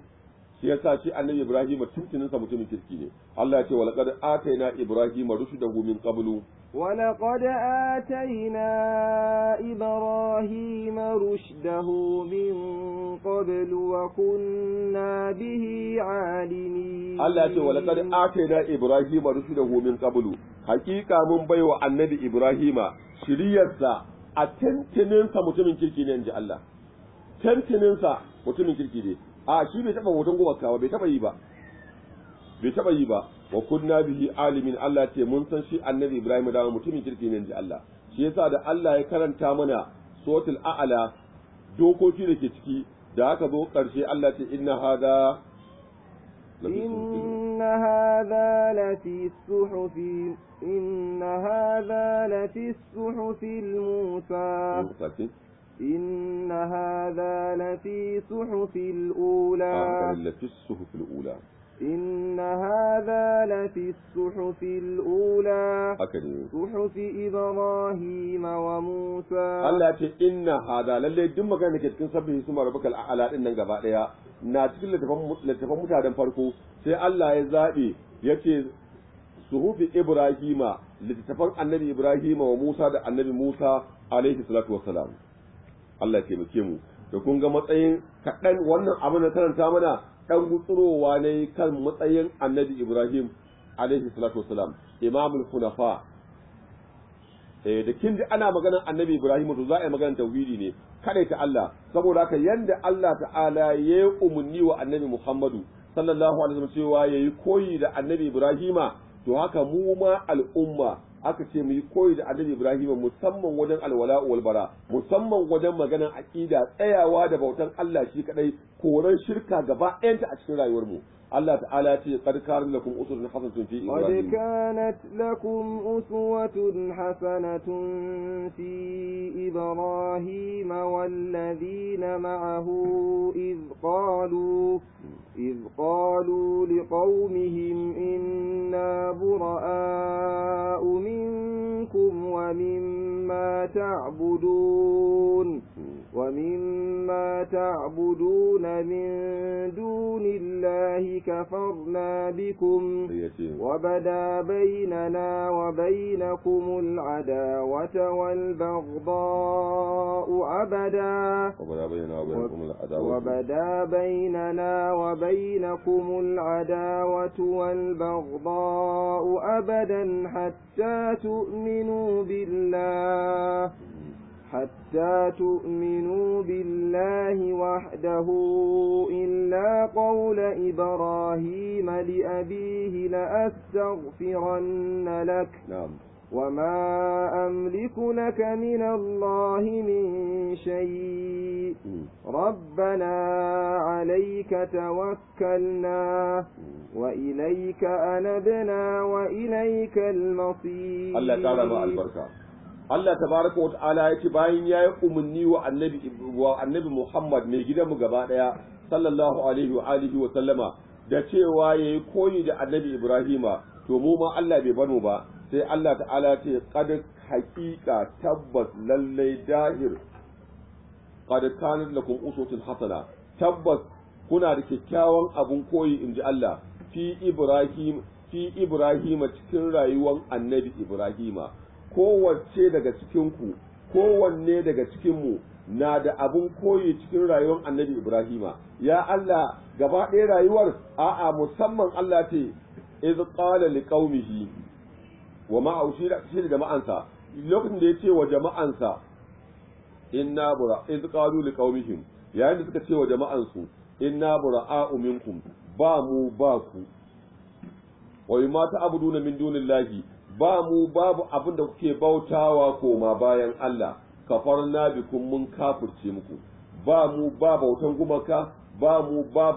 shi yasa shi annabi ibrahim tuntunin sa mutumin kirki ne Allah ya ce wa laqad ataina ibrahim rushdahu min qablu wa laqad ataina ibrahim rushdahu min qablu wa kunna bihi alimin Allah ya ce wa laqad ataina ibrahim rushdahu min qablu hakika mun baiwa annabi ibrahim shiriyarsa a tuntunin sa mutumin kirki ne inji Allah tuntunin sa mutumin kirki ne a shi bai taba hoton gumaka ba bai taba yi ba bai taba yi ba wa kunna bihi alimin Allah ce mun san shi annabi Ibrahim da mutumin kirki ne ji Allah shi yasa da Allah ya karanta mana suratul a'la dokoki da ke ciki da aka zo karshe Allah ce inna hada إن هذا لفي الصحف hada هذا suhufi al musa. إن هذا لفي صحف الأولى لفي الصحف الأولى إن هذا لفي الصحف الأولى صحف إبراهيم وموسى الله يأتي إن هذا للي دم كان كتكن سبه سمع ربك الأعلى إنن قبائها ناتك لتفهم متعدم فرقو سي الله يزادي يأتي صحف إبراهيم لتفهم النبي إبراهيم وموسى النبي موسى عليه الصلاة والسلام Allah taimake mu da kun ga matsayin kaɗan wannan abin da karanta mana ɗan gutsurowa ne kan matsayin annabi Ibrahim alaihi salatu wasalam imamul eh da kin ji ana maganar annabi Ibrahim to za a yi maganar tauhidi ne kada ta Allah saboda haka yanda Allah ta'ala ya yi umunni wa annabi Muhammadu sallallahu alaihi wasallam cewa yayi koyi da annabi Ibrahima to haka mu ma al'umma aka ce mu yi koyi da annabi Ibrahim musamman wajen alwala wal musamman wajen maganar aqida tsayawa da bautan Allah shi kadai koran shirka gaba ɗayanta a cikin rayuwar mu Allah ta'ala ce qad kana lakum uswatun hasanatun fi Ibrahim qad kanat lakum uswatun hasanatun fi Ibrahim walladhina ma'ahu id qalu إذ قالوا لقومهم إنا براء تعبدون ومما تعبدون من دون الله كفرنا بكم وبدا بيننا وبينكم العداوة والبغضاء أبدا وبدا بيننا وبينكم العداوة والبغضاء أبدا حتى تؤمنوا بالله حتى تؤمنوا بالله وحده إلا قول إبراهيم لأبيه لأستغفرن لك نعم وما أملك لك من الله من شيء ربنا عليك توكلنا وإليك أنبنا وإليك المصير الله تعالى مع البركة Allah tabaraka wa ta'ala ya ce bayan ya yi umarni wa annabi wa annabi Muhammad mai gidan mu gaba daya sallallahu alaihi wa alihi wa sallama da cewa yayi koyi da annabi Ibrahima to mu ma Allah bai bano ba sai Allah ta'ala ce qad haqiqa tabbas lallai dahir qad kanat lakum usutun hasana tabbas kuna da kyakkyawan abun koyi inji Allah fi Ibrahim fi Ibrahima cikin rayuwar annabi Ibrahima kowace daga cikinku kowanne daga cikinmu na da abun koyi cikin rayuwar annabi ibrahima ya allah gaba ɗaya rayuwar a'a musamman allah ce iz qala liqaumihi wa ma shi da jama'ansa lokacin da ya ce wa jama'ansa inna bura iz qalu liqaumihim yayin da suka ce wa jama'ansu inna bura'a'u minkum ba mu ba ku wa ma ta'buduna min dunillahi ba mu babu abin da kuke bautawa koma bayan Allah kafarna bikun mun kafirce muku ba mu ba bautan gumaka ba mu ba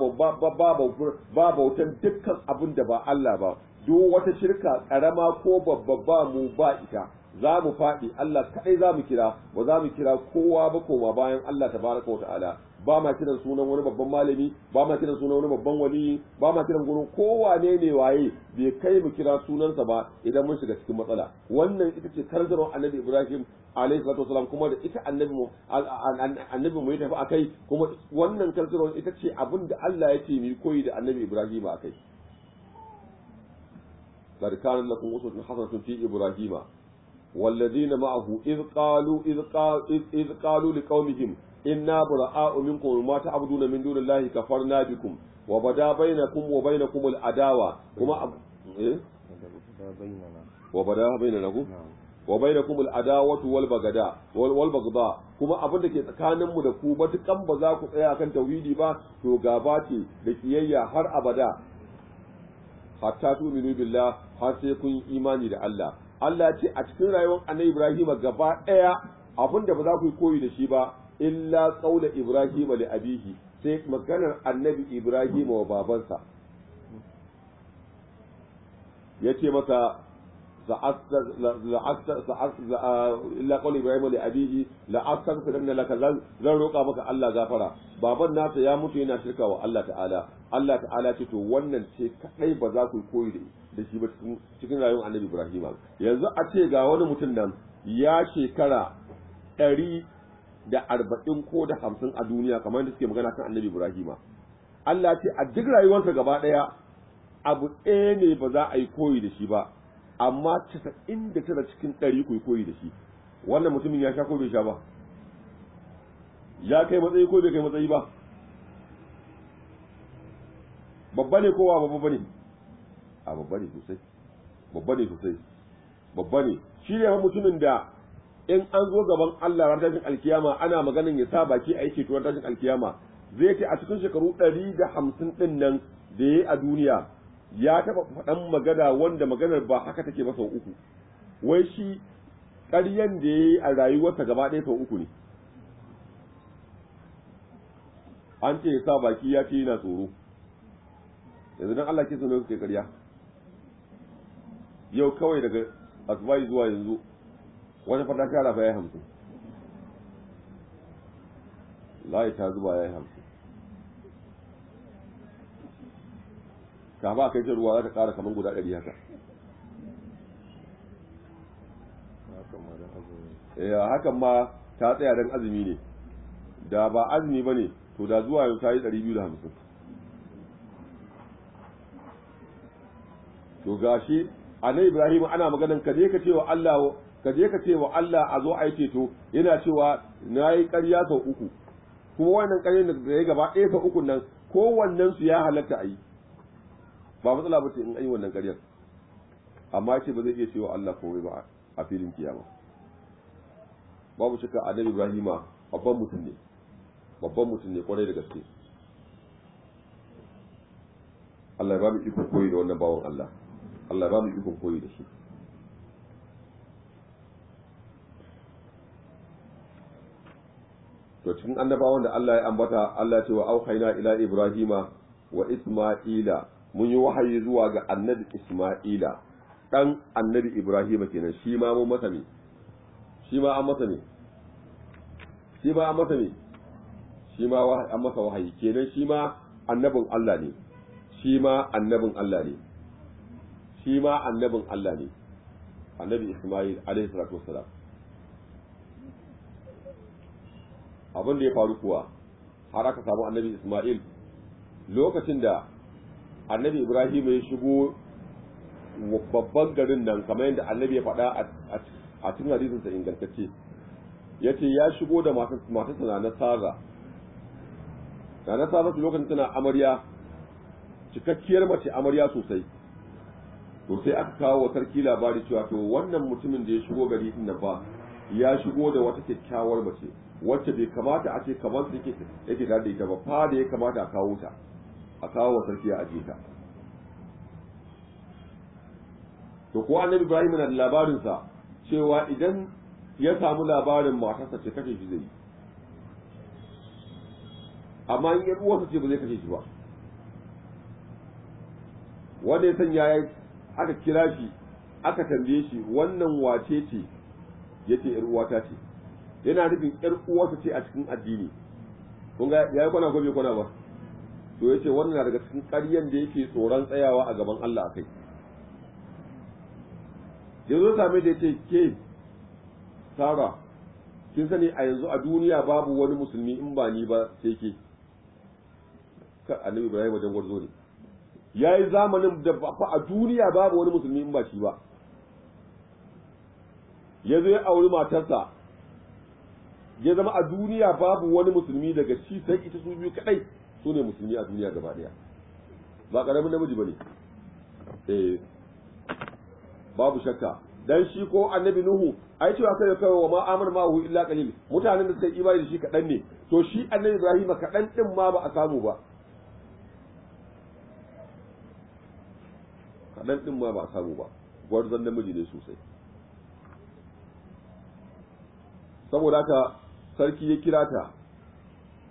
bautan dukkan abin da ba Allah ba duk wata shirka karama ko babba ba mu ba ita za mu faɗi Allah kaɗai za mu kira ba za mu kira kowa ba koma bayan Allah tabaraka wa ta'ala ba ma kiran sunan wani babban malami ba ma kiran sunan wani babban waliyi ba ma kiran gurin kowane ne waye bai kai mu kira sunansa ba idan mun shiga cikin matsala wannan ita ce tarjumar annabi ibrahim alayhi salatu wasalam kuma da ita annabi mu annabi mu ya tafi akai kuma wannan tarjumar ita ce abin da Allah ya ce mu koyi da annabi ibrahim akai barkan lakum usul hasanatu fi ibrahima إبراهيم والذين معه إذ قالوا إذ قالوا, إذ قالوا لقومهم inna bura'a'u minkum ma ta'buduna min dunillahi kafarna bikum wa bada bainakum wa bainakum al'adawa kuma wa bada bainakum wa bainakum al wal bagada wal bagda kuma abin da ke tsakanin mu da ku ba dukkan ba za ku tsaya kan tauhidi ba to gaba ce da kiyayya har abada hatta tu'minu billah har sai kun imani da Allah Allah ce a cikin rayuwar Annabi Ibrahim gaba daya abin da ba za ku yi koyi da shi ba illa qaula ibrahim li abihi sai maganar annabi ibrahim wa babansa yace masa illa qawli ibrahim li abihi su astaghfiranna laka zan roƙa maka Allah gafara baban nasa ya mutu yana shirka wa Allah ta'ala Allah ta'ala ce to wannan ce kadai ba za ku koyi da shi ba cikin rayuwar annabi ibrahim yanzu a ce ga wani mutum nan ya shekara ɗari da arba'in ko da hamsin a duniya kamar yadda suke magana kan annabi ibrahima Allah ce a duk rayuwarsa gaba ɗaya abu ɗaya ne ba za a yi koyi da shi ba amma casa'in da tara cikin ɗari ku yi koyi da shi wannan mutumin ya sha ko bai sha ba ya kai matsayi ko bai kai matsayi ba babba ne kowa ba babba ne a babba ne sosai babba ne sosai babba ne shi ne mutumin da in an zo gaban Allah ran tashin alkiyama ana maganin ya sa baki a yi ceto tashin alkiyama zai ce a cikin shekaru ɗari da hamsin ɗin nan da ya yi a duniya ya taɓa faɗan magana wanda maganar ba haka take ba sau uku wai shi ƙaryan da ya yi a rayuwarsa gaba ɗaya sau uku ne an ce ya sa baki ya ce yana tsoro yanzu don Allah ke so ne ƙarya yau kawai daga asubai zuwa yanzu Wani fata ta rafa ya hamsin layi ta zuba ya hamsin ba kai ta ruwa za ta kara kamar guda ɗari haka eh, hakan ma ta tsaya don azumi ne da ba azumi ba ne to da zuwa yau ta yi ɗari biyu da hamsin to gashi a nan ibrahim ana maganin ka je ka ce wa allah ka je ka ce wa Allah a zo a yi ceto yana cewa na yi ƙarya sau uku kuma wannan ƙaryar da ya gaba ɗaya sau uku nan kowannen su ya halatta a yi ba matsala ba ce in an yi wannan ƙaryar amma ce ba zai iya cewa Allah komai ba a filin kiyama babu shakka annabi Ibrahima babban mutum ne babban mutum ne kwarai da gaske Allah ya ba mu ikon koyi da wannan bawan Allah Allah ya ba mu ikon koyi da shi to cikin annabawan da Allah ya ambata Allah ce wa auhayna ila ibrahima wa isma'ila mun yi wahayi zuwa ga annabi isma'ila dan annabi ibrahima kenan shi ma mun masa ne shi ma an masa ne shi ma an masa ne shi ma an masa wahayi kenan shi ma annabin Allah ne shi ma annabin Allah ne shi ma annabin Allah ne annabi isma'il alaihi salatu wassalam abin da ya faru kuwa har aka samu annabi Ismail lokacin da annabi Ibrahim ya shigo babban garin nan kamar yadda annabi ya faɗa a cikin hadisinsa ingantacce ya ce ya shigo da matarsa na nasara na nasara su lokacin tana amarya cikakkiyar mace amarya sosai to sai aka kawo wa sarki labari cewa to wannan mutumin da ya shigo gari din nan ba ya shigo da wata kyakkyawar mace wacce bai kamata a ce kamar su yake da ita ba fa da ya kamata a kawo ta a kawo wa sarki a ajiye ta to ko annabi Ibrahim na da labarin sa cewa idan ya samu labarin matarsa ce kake shi zai yi amma in yan uwarsa ce ba zai kashe shi ba wanda ya sanya ya aka kira shi aka tambaye shi wannan wace ce yace yar uwata ce yana nufin ƴar uwarsa ce a cikin addini kun ga yayi kwana gobe kwana ba to yace wannan na daga cikin ƙaryan da yake tsoron tsayawa a gaban Allah akai yanzu same da yace ke Sara kin sani a yanzu a duniya babu wani musulmi in ba ni ba sai ke ka annabi Ibrahim wajen gwarzo ne yayi zamanin da a duniya babu wani musulmi in ba shi ba yanzu ya auri matarsa ya zama a duniya babu wani musulmi daga shi sai ita su biyu kadai su ne musulmi a duniya gaba daya ba karamin namiji bane eh babu shakka dan shi ko annabi nuhu ai cewa kai kai wa ma amana ma hu illa qalil mutanen da suka yi imani da shi kadan ne to shi annabi ibrahim kadan din ma ba a samu ba kadan din ma ba a samu ba gwarzon namiji ne sosai saboda haka sarki ya kira ta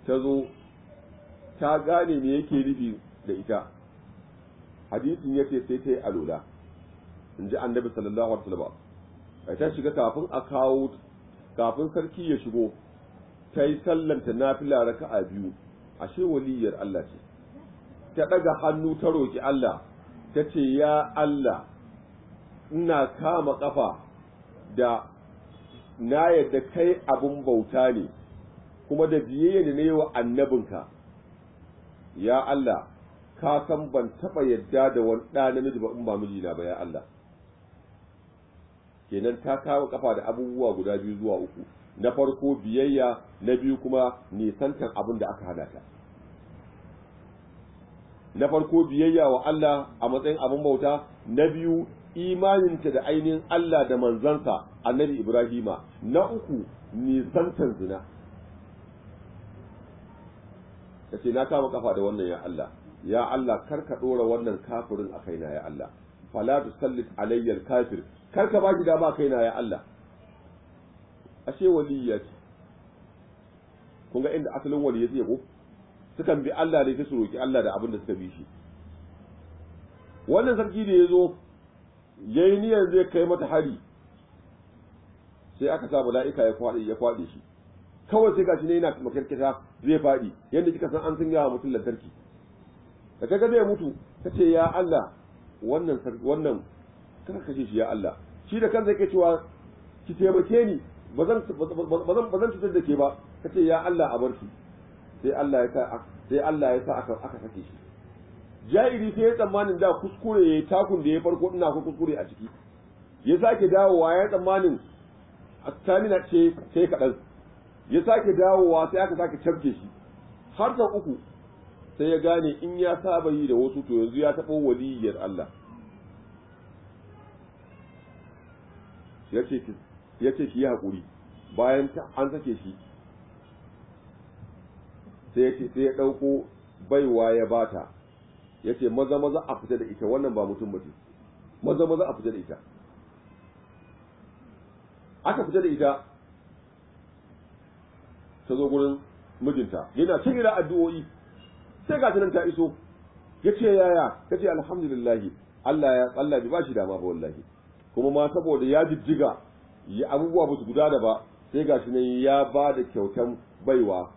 ta zo ta gane me yake nufi da ita hadisin ya ce sai ta yi alola in ji annabi sallallahu alaihi wasallam ai ta shiga kafin a kawo kafin sarki ya shigo ta yi sallanta nafila raka'a biyu ashe waliyar Allah ce ta daga hannu ta roki Allah ta ce ya Allah ina kama kafa da na yadda kai abin bauta ne kuma da biyayya da ne wa annabinka ya Allah ka san ban taɓa yadda da wani ɗa namiji ba in ba mijina ba ya Allah kenan ta kawo kafa da abubuwa guda biyu zuwa uku na farko biyayya na biyu kuma nisantar abin da aka hana ta na farko biyayya wa Allah a matsayin abin bauta na biyu imaninta da ainihin Allah da manzansa annabi Ibrahima na uku nisantan zina ya ce na kama kafa da wannan ya Allah ya Allah kar ka ɗora wannan kafirin a kaina ya Allah Falatu sallit alayyar kafir kar ka ba gida ba kaina ya Allah ashe waliyya ce kun ga inda asalin waliyya ce ko sukan bi Allah ne ta su roki Allah da abin da suka bi shi wannan sarki da ya zo jainiyar niyan zai kai mata hari sai aka sa mala'ika ya kwaɗe ya kwaɗe shi kawai sai gashi ne yana makarkata zai faɗi yadda kika san an tunga mutum lantarki da kaga zai mutu ta ce ya Allah wannan wannan kar kashe shi ya Allah shi da kansa yake cewa ki taimake ni ba zan cutar da ke ba ta ce ya Allah a barki sai Allah ya sa aka sake shi jahiri sai ya tsammanin da kuskure ya yi takun da ya farko ina ko kuskure a ciki ya sake dawowa ya tsammanin stamina ce sai kaɗan ya sake dawowa sai aka sake cafke shi har da uku sai ya gane in ya saba yi da wasu to yanzu ya taɓo waliyyar Allah ya ce ki yi haƙuri bayan an sake shi sai ya ce sai ya ɗauko baiwa ya bata yace maza maza a fita da ita wannan ba mutum ce maza maza a fita da ita aka fita da ita ta zo gurin mijinta yana cin ira addu'o'i sai ga nan ta iso yace yaya kace alhamdulillah Allah ya Allah bi bashi dama ba wallahi kuma ma saboda ya jijjiga ya abubuwa ba su guda da ba sai gashi nan ya ba da kyautan baiwa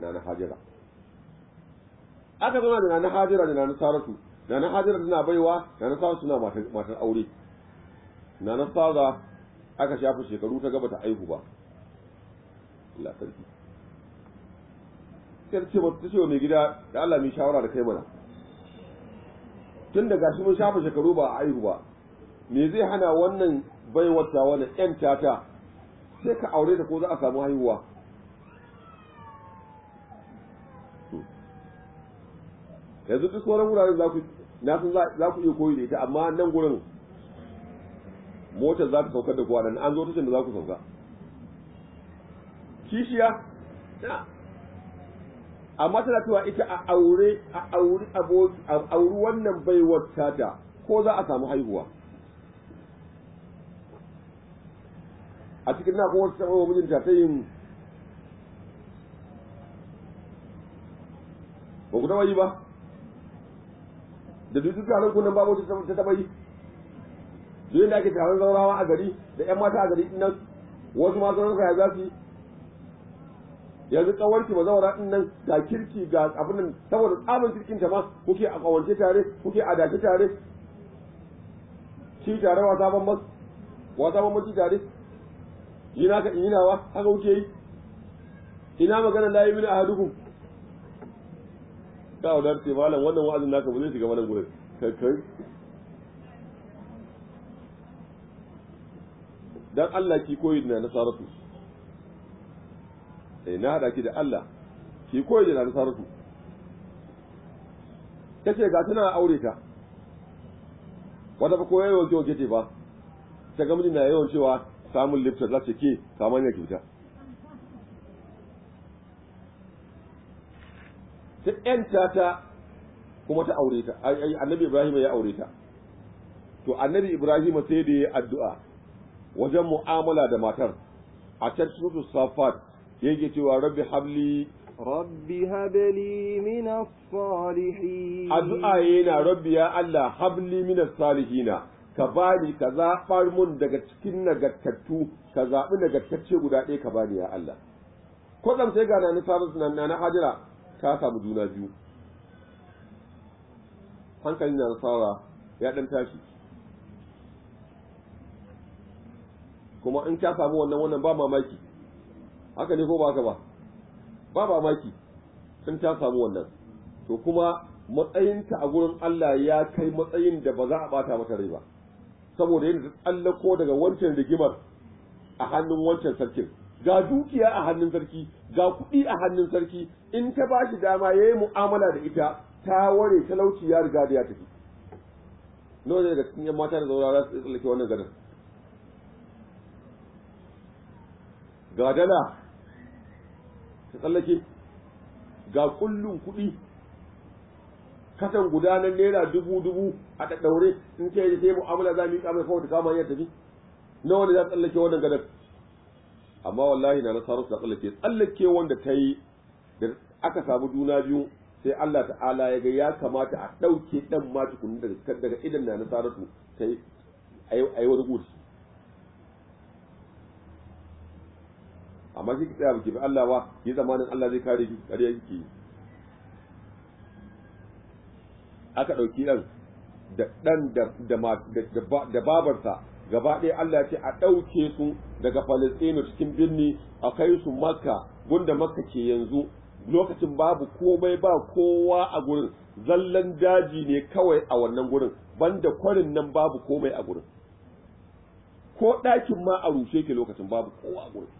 na na hajira aka zama da na hajira da na saratu da na hajira suna baiwa da na saratu matar aure na na sara aka shafi shekaru ta gaba ta aihu ba lafarki sarki sai ce mata ce mai gida da Allah mai shawara da kai mana tun da gashi mun shafa shekaru ba a aihu ba me zai hana wannan baiwata wani ƴan tata sai ka aure ta ko za a samu haihuwa yanzu duk sauran wuraren za ku iya koyi da ita amma nan gurin motar za ta sauka da kuwa nan an zo tushen da za ku sauka kishiya amma tana cewa ita a aure a auri a aure wannan baiwar tata ko za a samu haihuwa a cikin na kuma ta wa mijinta ta yin ba ku taɓa yi ba da duk taron kunan babu ta taba yi duk da ake taron zaurawa a gari da yan mata a gari din nan wasu ma sauran ya za su yi yanzu kawarki ba zaura din nan ga kirki ga abin nan saboda tsamin kirkin ta ma kuke a kawance tare kuke a dace tare Ci tare wasa ba wa wasa ban mace tare yi naka in yi nawa haka kuke yi ina magana la yi min hadukun ka wa darti malam wannan wa'azin naka ba zai shiga wannan gurin kai kai dan Allah ki koyi da nasaratu eh na hada ki da Allah ki koyi da nasaratu tace ga tana aure ka wata ba koyo yau ce ba ta ga na yawan cewa samun lifta za ce ke samun ya kyauta ta ‘yanta ta kuma ta aure ta annabi ibrahim ya aure ta to annabi ibrahim sai da ya addu'a wajen mu'amala da matar a can sutu safat yake cewa rabbi habli rabbi habli min as-salihin addu'a yana rabbi ya allah habli min as-salihina ka bani ka zaɓar mun daga cikin nagartattu ka zaɓi nagartacce guda ɗaya ka bani ya allah kwatsam sai ga na nisa na na hajira ka samu juna biyu hankali na nasara ya dan tashi kuma in ka samu wannan wannan ba mamaki haka ne ko ba haka ba ba mamaki sun ta samu wannan to kuma matsayinta a gurin Allah ya kai matsayin da ba za a bata mata rai ba saboda yadda ta tsallako daga wancan rigimar a hannun wancan sarkin ga dukiya a hannun sarki ga kuɗi a hannun sarki in ta ba shi dama ya yi mu'amala da ita ta ware talauci ya riga da ya tafi nawa ne daga cikin yan mata da zaura za su tsallake wannan gadon ga dala ta tsallake ga kullun kuɗi kasan gudanar naira dubu dubu a ɗaɗɗaure in ce ya ce mu'amala za mu yi kamar kawai ta kama yadda tafi nawa ne za su tsallake wannan gadon amma wallahi na nasarar da tsallake tsallake wanda ta yi da aka samu juna biyu sai Allah ta'ala ya ga ya kamata a ɗauke ɗan ma daga daga idan na nasaratu ta a yi wani gudu amma shi ki tsaya ba ki Allah ba ki zamanin Allah zai kare shi kare kike aka ɗauki ɗan da ɗan da babarsa gaba ɗaya Allah ce a ɗauke su daga Falastinu cikin birni a kai su Makka gunda Makka ke yanzu lokacin babu komai ba kowa a gurin zallan daji ne kawai a wannan gurin banda kwarin nan babu komai a gurin ko ɗakin ma a rushe ke lokacin babu kowa a gurin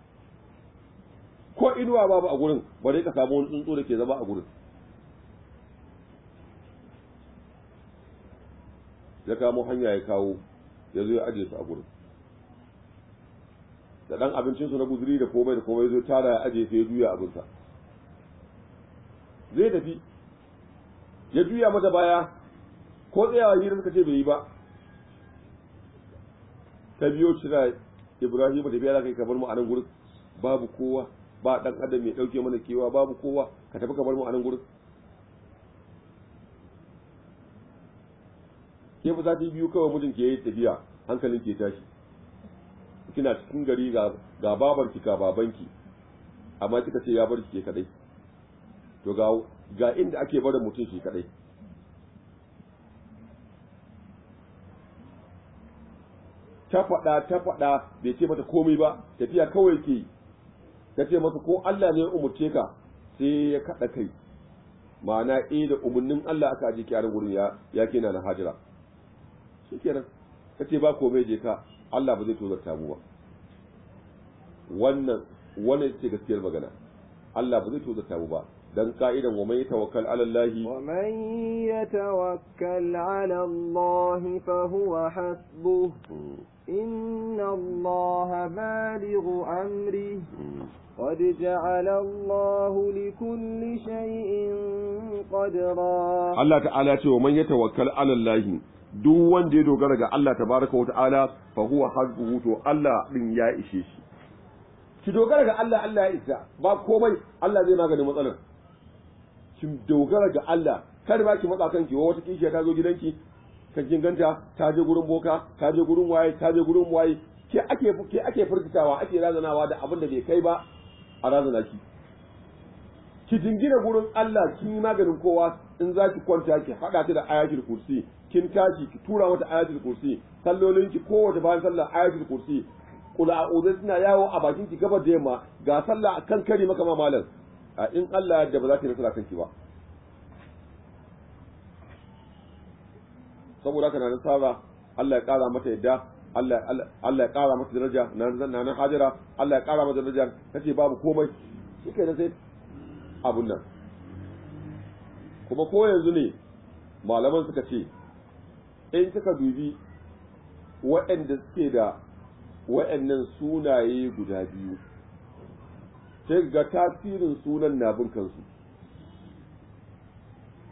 ko inuwa babu a gurin bare ka samu wani tsuntsu da ke zama a gurin ya kamo hanya ya kawo ya zo ya aje su a gurin da dan abincin su na guzuri da komai da komai zo tara ya aje sai ya juya abin sa zai tafi ya juya mata baya ko tsayawa hira suka ce bai yi ba ta biyo cira Ibrahim da biya kai kamar mu a nan gurin babu kowa ba dan adam mai dauke mana kewa babu kowa ka tafi kamar mu a nan gurin ke fi sati biyu kawai mutum ke yi tafiya hankalin ke tashi kina cikin gari ga ki ka ki amma kika ce ya bar ki kadai to ga ga inda ake barin mutum shi kadai ta faɗa ta faɗa bai ce mata komai ba tafiya kawai ke ta ce masa ko Allah ne ya umurce ka sai ya kaɗa kai ma'ana eh da umarnin Allah aka aje kyarin wurin ya ya na hajira Ka ce ba komai je ka Allah ba zai tozarta mu ba wannan wannan ce gaskiyar magana Allah ba zai tozarta mu ba dan ka'idan wa man yatawakkal 'ala Allah wa man yatawakkal 'ala Allah fa huwa hasbuhu hmm. inna Allah balighu amri قد جعل الله لكل شيء قدرا الله تعالى ومن يتوكل على الله duk wanda ya dogara ga Allah tabaraka wata'ala fa huwa hasbuhu to Allah din ya ishe shi ki dogara ga Allah Allah ya isa ba komai Allah zai magani matsalar ki dogara ga Allah kada ba ki matsa kanki wata kishiya ta zo gidanki ka ginganta ta je gurin boka ta je gurin waye ta je gurin waye ke ake ke ake firgitawa ake razanawa da abin da bai kai ba a razana ki ki dingina gurin Allah kin yi maganin kowa in za ki kwanta ki hada ta da ayatul kursi kin tashi ki tura wata ayatul kursi sallolin ki kowace bayan sallah ayatul kursi kula a'udhu suna yawo a bakin ki gaba da yamma ga sallah kan kari maka ma malam in Allah da ba za ta yi nasara kanki ba saboda haka na tsara Allah ya kara mata yadda Allah ya kara mata daraja na nan hajira Allah ya kara mata daraja kace babu komai shi da sai abun nan kuma ko yanzu ne malaman suka ce in kika dubi waɗanda suke da waɗannan sunaye guda biyu sai ga tasirin sunan na bin kansu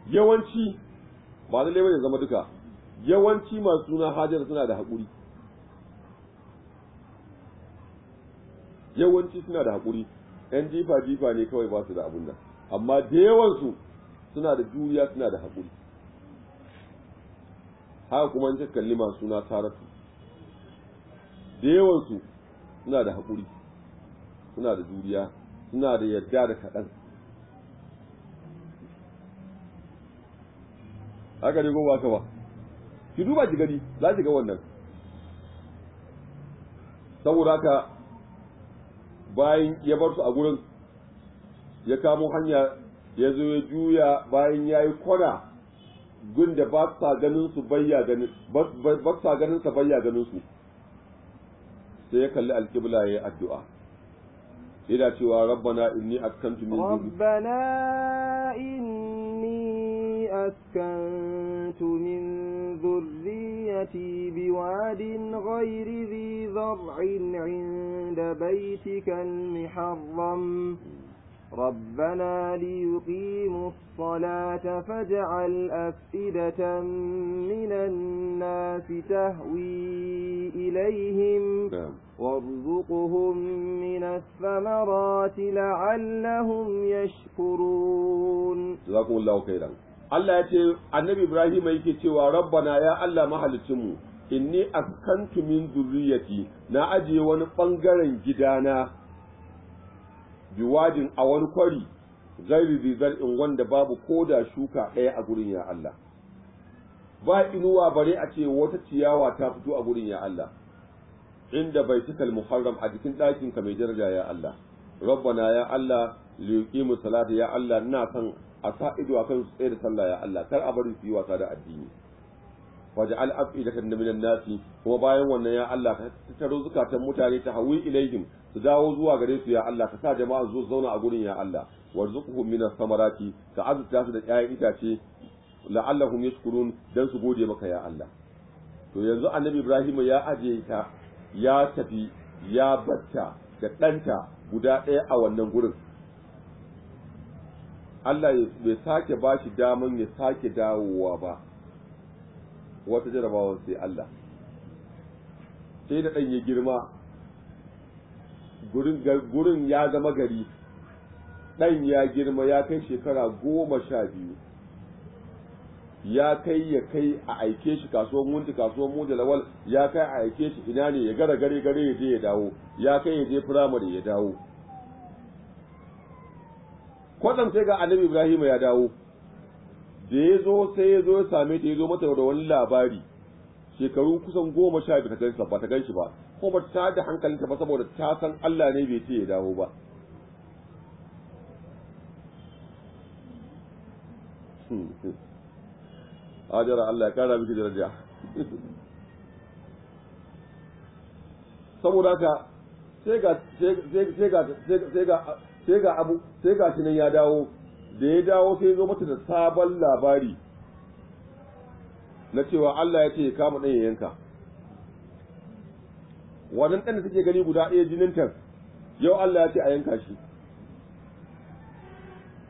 yawanci ba da lebar zama duka yawanci masu suna hajjar suna da haƙuri yawanci suna da haƙuri ‘yan jifa-jifa ne kawai ba su da abun nan amma da yawansu suna da juriya suna da haƙuri haka kuma in ka kalli masu na saratu da yawansu suna da haƙuri suna da juriya suna da yarda da kaɗan haka ne ko ba ka ba ki duba ki gani za ki ga wannan saboda haka bayan ya bar su a gurin ya kamo hanya ya zo ya juya bayan ya yi kwana gun da ba sa ganin su bayya ganin ba sa ganin sa bayya ganin su sai ya kalli alƙibla ya yi addu'a ina cewa rabbana inni askantu min rabbana inni askantu min ذريتي بواد غير ذي ذرع عند بيتك المحرم ربنا ليقيموا الصلاة فاجعل أفئدة من الناس تهوي إليهم وارزقهم من الثمرات لعلهم يشكرون جزاكم الله خيرا Allah ya ce annabi Ibrahim yake cewa rabbana ya Allah mahalicinmu inni askantu min zurriyati na ajiye wani bangaren gidana biwajin a wani kwari zairi in wanda babu ko da shuka ɗaya a gurin ya Allah ba inuwa bare a ce wata ciyawa ta fito a gurin ya Allah inda bai baitukal muharram a cikin ɗakin ka mai daraja ya Allah rabbana ya Allah liqimu salata ya Allah ina san a sa ido a su tsaye da sallah ya Allah kar a bari su yi wasa da addini waj'al af'idatan minan nasi kuma bayan wannan ya Allah ka taro zukatan mutane ta hawi ilaihim su dawo zuwa gare su ya Allah ka sa jama'a zo zauna a gurin ya Allah warzuqhum minas samarati ka azurta su da ƴaƴan itace la'allahum yashkurun dan su gode maka ya Allah to yanzu annabi Ibrahim ya aje ta ya tafi ya batta da ɗanta guda ɗaya a wannan gurin Allah bai sake ba shi daman ya sake dawowa ba wata jarabawar sai Allah sai da ɗan ya girma gurin ya zama gari ɗan ya girma ya kai shekara goma sha biyu ya kai ya kai a aike shi kasuwar munti kasuwar munti lawal ya kai a aike shi ina ne ya gara gare gare ya je ya dawo ya kai ya je firamare ya dawo kwatsam sai ga annabi ibrahim ya dawo da ya zo sai ya zo ya same ta ya zo mata da wani labari shekaru kusan goma sha biyu ta gansa ba ta ganshi ba ko ba ta da hankalinta ba saboda ta san Allah ne bai ce ya dawo ba hmm. ajara Allah ya kara miki daraja saboda ka sai ga sai ga sai ga sai ga abu sai ga shi nan ya dawo da ya dawo sai zo mata da sabon labari na cewa Allah ya ce ya kama ɗan yanka wannan ɗan da take gani guda ɗaya jinin ta yau Allah ya ce a yanka shi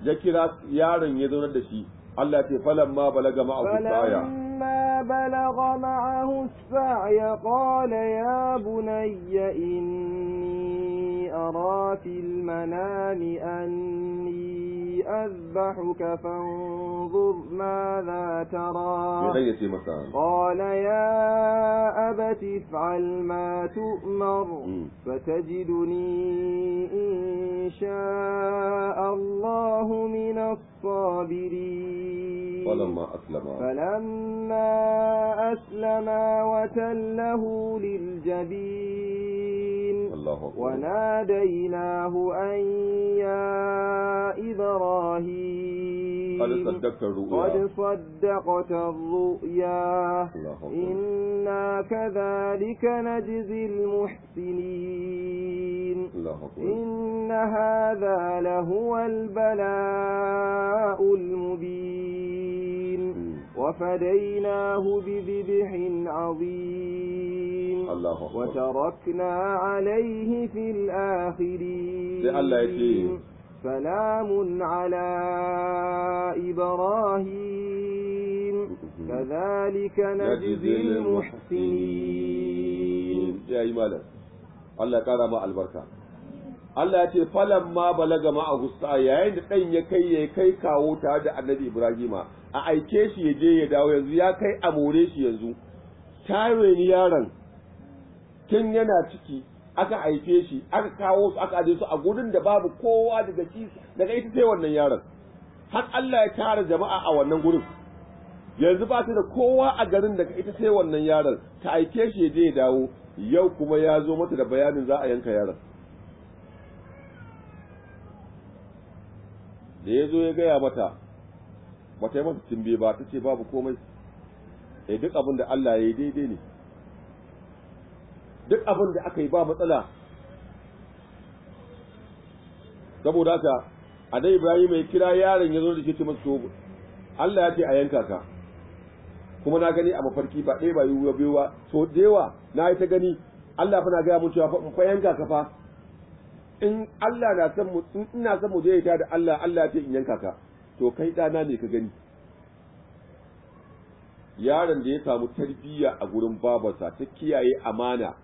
ya kira yaron ya zaunar da shi Allah ya ce ma balaga ma'ahu sa'ya balaga ma معه sa'ya qala ya bunayya inni ara fil manami anni أذبحك فانظر ماذا ترى قال يا أبت افعل ما تؤمر فتجدني إن شاء الله من الصالحين الصابرين فلما أسلما فلما أسلما وتله للجبين الله وناديناه أن يا إبراهيم قد صدقت الرؤيا قد صدقت الرؤيا إنا كذلك نجزي المحسنين الله إن هذا لهو البلاء المبين وفديناه بذبح عظيم الله وتركنا عليه في الآخرين سلام على إبراهيم كذلك نجزي المحسنين يا إيمان الله كرم البركة Allah ya ce falan ma balaga ma a yayin da ɗan ya kai ya kai kawo tare da annabi Ibrahima a aike shi ya je ya dawo yanzu ya kai a more shi yanzu tare ni yaron tun yana ciki aka aike shi aka kawo su aka aje su a gurin da babu kowa daga shi daga ita sai wannan yaron har Allah ya tara jama'a a wannan gurin yanzu ba ta da kowa a garin daga ita sai wannan yaron ta aike shi ya je ya dawo yau kuma ya zo mata da bayanin za a yanka yaron da ya zo ya gaya mata ba ta yi mata cimbe ba ta ce babu komai eh duk abin da Allah ya yi daidai ne duk abin da aka yi ba matsala saboda haka a dai Ibrahim ya kira yaron ya zo da ke ce masa to Allah ya ce a yanka ka kuma na gani a mafarki ba ɗaya ba yi wa biyuwa so da yawa na yi ta gani Allah fa na gaya mun cewa fa yanka ka fa in Allah na san mu in ina san mu da Allah Allah ya ce in yanka ka to kai dana ne ka gani yaron da ya samu tarbiyya a gurin babarsa ta kiyaye amana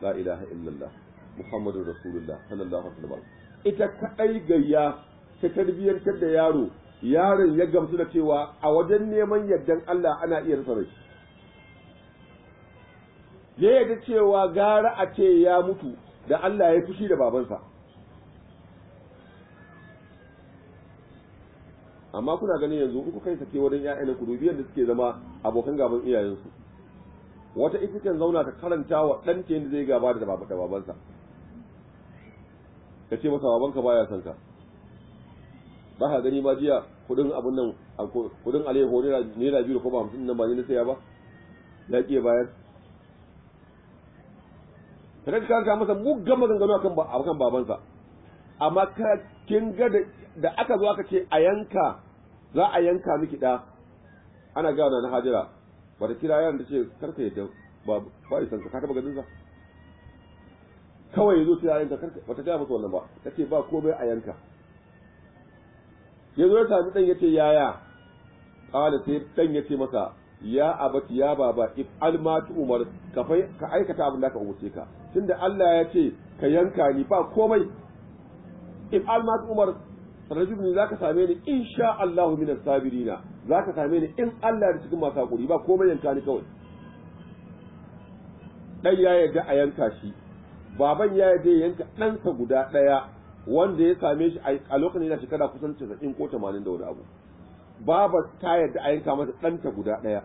la ilaha illallah muhammadur rasulullah sallallahu alaihi wasallam ita kadai gayya ta tarbiyyantar da yaro yaron ya gamsu da cewa a wajen neman yardan Allah ana iya rasa rai ya yarda cewa gara a ce ya mutu da Allah ya fushi da babansa amma kuna ganin yanzu uku kai sake wurin ƴaƴan ku dubiyan da suke zama abokan gaban iyayensu wata ita kan zauna ta karanta wa ɗanta yadda zai gaba da babansa ka ce masa babanka baya son ka ba ka gani ma jiya kudin abun nan kudin ne naira biyu da kuma hamsin nan ba ne na saya ba ya ke bayar sai ka ga masa muggan maganganu akan akan babansa amma ka kin ga da aka zo aka ce a yanka za a yanka miki da ana ga na Hajira ba kira yaran da ce karka yadda ba ba san ka taba ganin sa kawai yazo sai yanka karka ba ta ga masa wannan ba tace ba komai a yanka yazo ya sami dan yace yaya qala sai dan yace masa ya abati ya baba if almatu umar ka aikata abin da ka umurce ka tunda Allah ya ce ka yanka ni ba komai if almat umar rajul ne zaka same ni insha Allah min as-sabirina zaka same ni in Allah ya cikin masu hakuri ba komai yanka ni kawai dan ya yarda a yanka shi baban ya yarda yanka ɗansa guda ɗaya wanda ya same shi a lokacin yana shekara kusan 90 ko 80 da wani abu baba ta yarda a yanka masa ɗanta guda ɗaya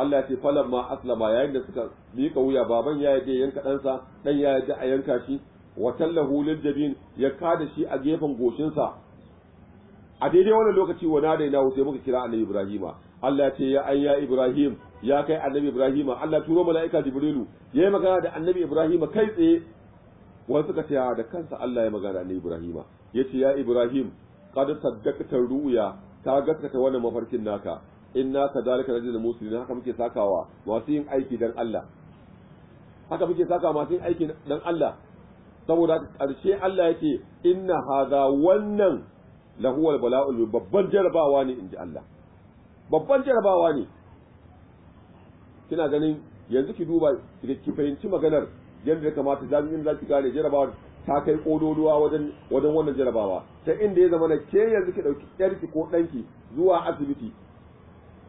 Allah ya ce falan ma aslama yayin da suka miƙa wuya baban ya yaje yanka ɗansa ɗan ya yaje a yanka shi wa tallahu lil jabin ya kada shi a gefen goshinsa a daidai wannan lokaci wa na daina wuce muka kira annabi Ibrahima Allah ya ce ya an ya Ibrahim ya kai annabi Ibrahima Allah turo mala'ika Jibrilu yi magana da annabi Ibrahima kai tsaye wani suka ce da kansa Allah ya magana annabi Ibrahima yace ya Ibrahim saddaka ta ru'ya ta gaskata wannan mafarkin naka inna kadhalika najzil muslimin haka muke sakawa masu yin aiki dan Allah haka muke saka masu yin aiki dan Allah saboda karshe Allah yake inna hadha wannan lahuwal balau babban jarabawa ne inji Allah babban jarabawa ne kina ganin yanzu ki duba ki fahimci maganar yadda kamata da za zaki gane jarabawa ta kai kododuwa wajen wajen wannan jarabawa ta inda ya zama na ke yanzu ki dauki yarki ko danki zuwa asibiti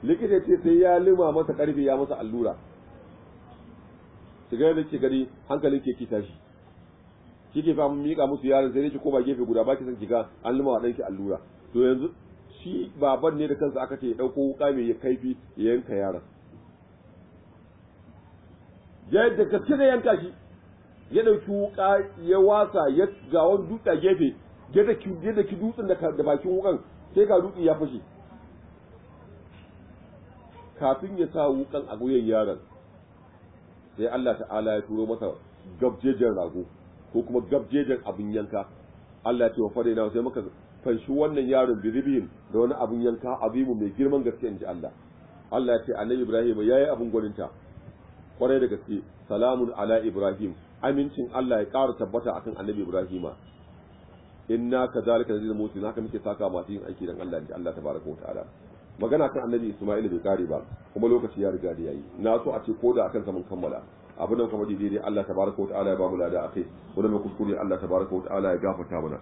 likita ce sai ya lima masa karfe ya masa allura shigar da ke gani hankali ke kita shi shi ke fa mika musu yaron sai dai ko ba gefe guda ba ki san kiga an lima wa dan ki allura to yanzu shi baban ne da kansa aka ce ya dauko wuka mai ya kaifi ya yanka yaron ya da gaske da yanka shi ya dauki wuka ya wasa ya gawon dutsa gefe ya ki dutsen da bakin wukan sai ga dutse ya fashe kafin ya sa wukan a wuyan yaron sai Allah ta'ala ya turo masa gabjejen rago ko kuma gabjejen abin yanka Allah ya ce wa na sai muka fanshi wannan yaron biribin da wani abin yanka azimu mai girman gaske in ji Allah Allah ya ce annabi Ibrahim yayi abin gwaninta kwarai da gaske salamun ala Ibrahim amincin Allah ya ƙara tabbata akan annabi Ibrahima inna kadhalika nazil mutin haka muke saka masu yin aiki dan Allah in ji Allah tabaraka wa ta'ala magana kan annabi Isma'il bai kare ba kuma lokaci ya riga da yayi na so a ce ko da akan mun kammala abin da kuma dai Allah tabaraka wataala ya ba mu lada akai wanda mai kuskure Allah tabaraka wataala ya gafarta mana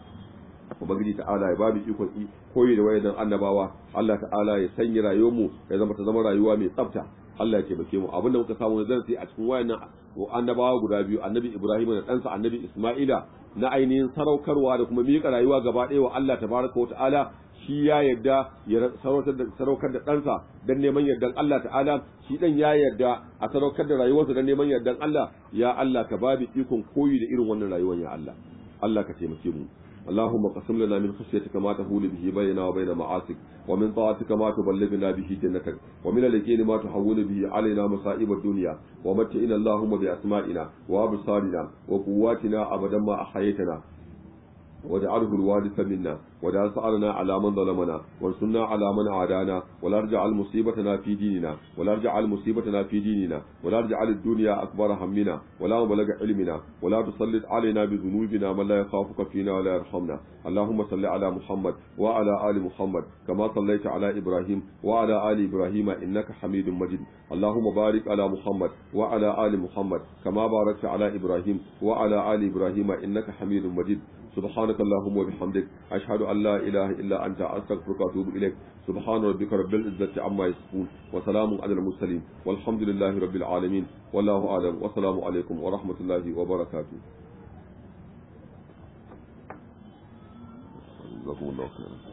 ubangiji ta'ala ya babu iko ki koyi da dan annabawa Allah ta'ala ya sanya rayuwar mu ya zama ta zama rayuwa mai tsafta Allah ya taimake mu abin da muka samu na sai a cikin wayannan annabawa guda biyu annabi Ibrahim da ɗansa annabi Isma'ila na ainihin saraukarwa da kuma miƙa rayuwa gaba ɗaya wa Allah tabaraka wata'ala shi ya yarda ya sadaukar da ɗansa don neman yardan Allah ta'ala shi ɗan ya yarda a sadaukar da rayuwarsa don neman yardan Allah ya Allah ka babu ikon koyi da irin wannan rayuwar ya Allah Allah ka taimake mu اللهم قسم لنا من خشيتك ما تهول به بيننا وبين معاصيك ومن طاعتك ما تبلغنا به جنتك ومن اليقين ما تحول به علينا مصائب الدنيا ومتعنا اللهم بأسمائنا وأبصارنا وقواتنا أبدا ما أحييتنا واجعله الوارث منا ولا سألنا على من ظلمنا وانصرنا على من عادانا ولا اجعل مصيبتنا في ديننا ولا اجعل مصيبتنا في ديننا ولا اجعل الدنيا أكبر همنا ولا مبلغ علمنا ولا تسلط علينا بذنوبنا من لا يخافك فينا ولا يرحمنا اللهم صل على محمد وعلى آل محمد كما صليت على إبراهيم وعلى آل إبراهيم إنك حميد مجيد اللهم بارك على محمد وعلى آل محمد كما باركت على إبراهيم وعلى آل إبراهيم إنك حميد مجيد سبحانك اللهم وبحمدك أشهد أن لا إله إلا أنت أستغفرك وأتوب إليك سبحان ربك رب العزة عما يصفون وسلام على المرسلين والحمد لله رب العالمين والله أعلم والسلام عليكم ورحمة الله وبركاته جزاكم الله خيرا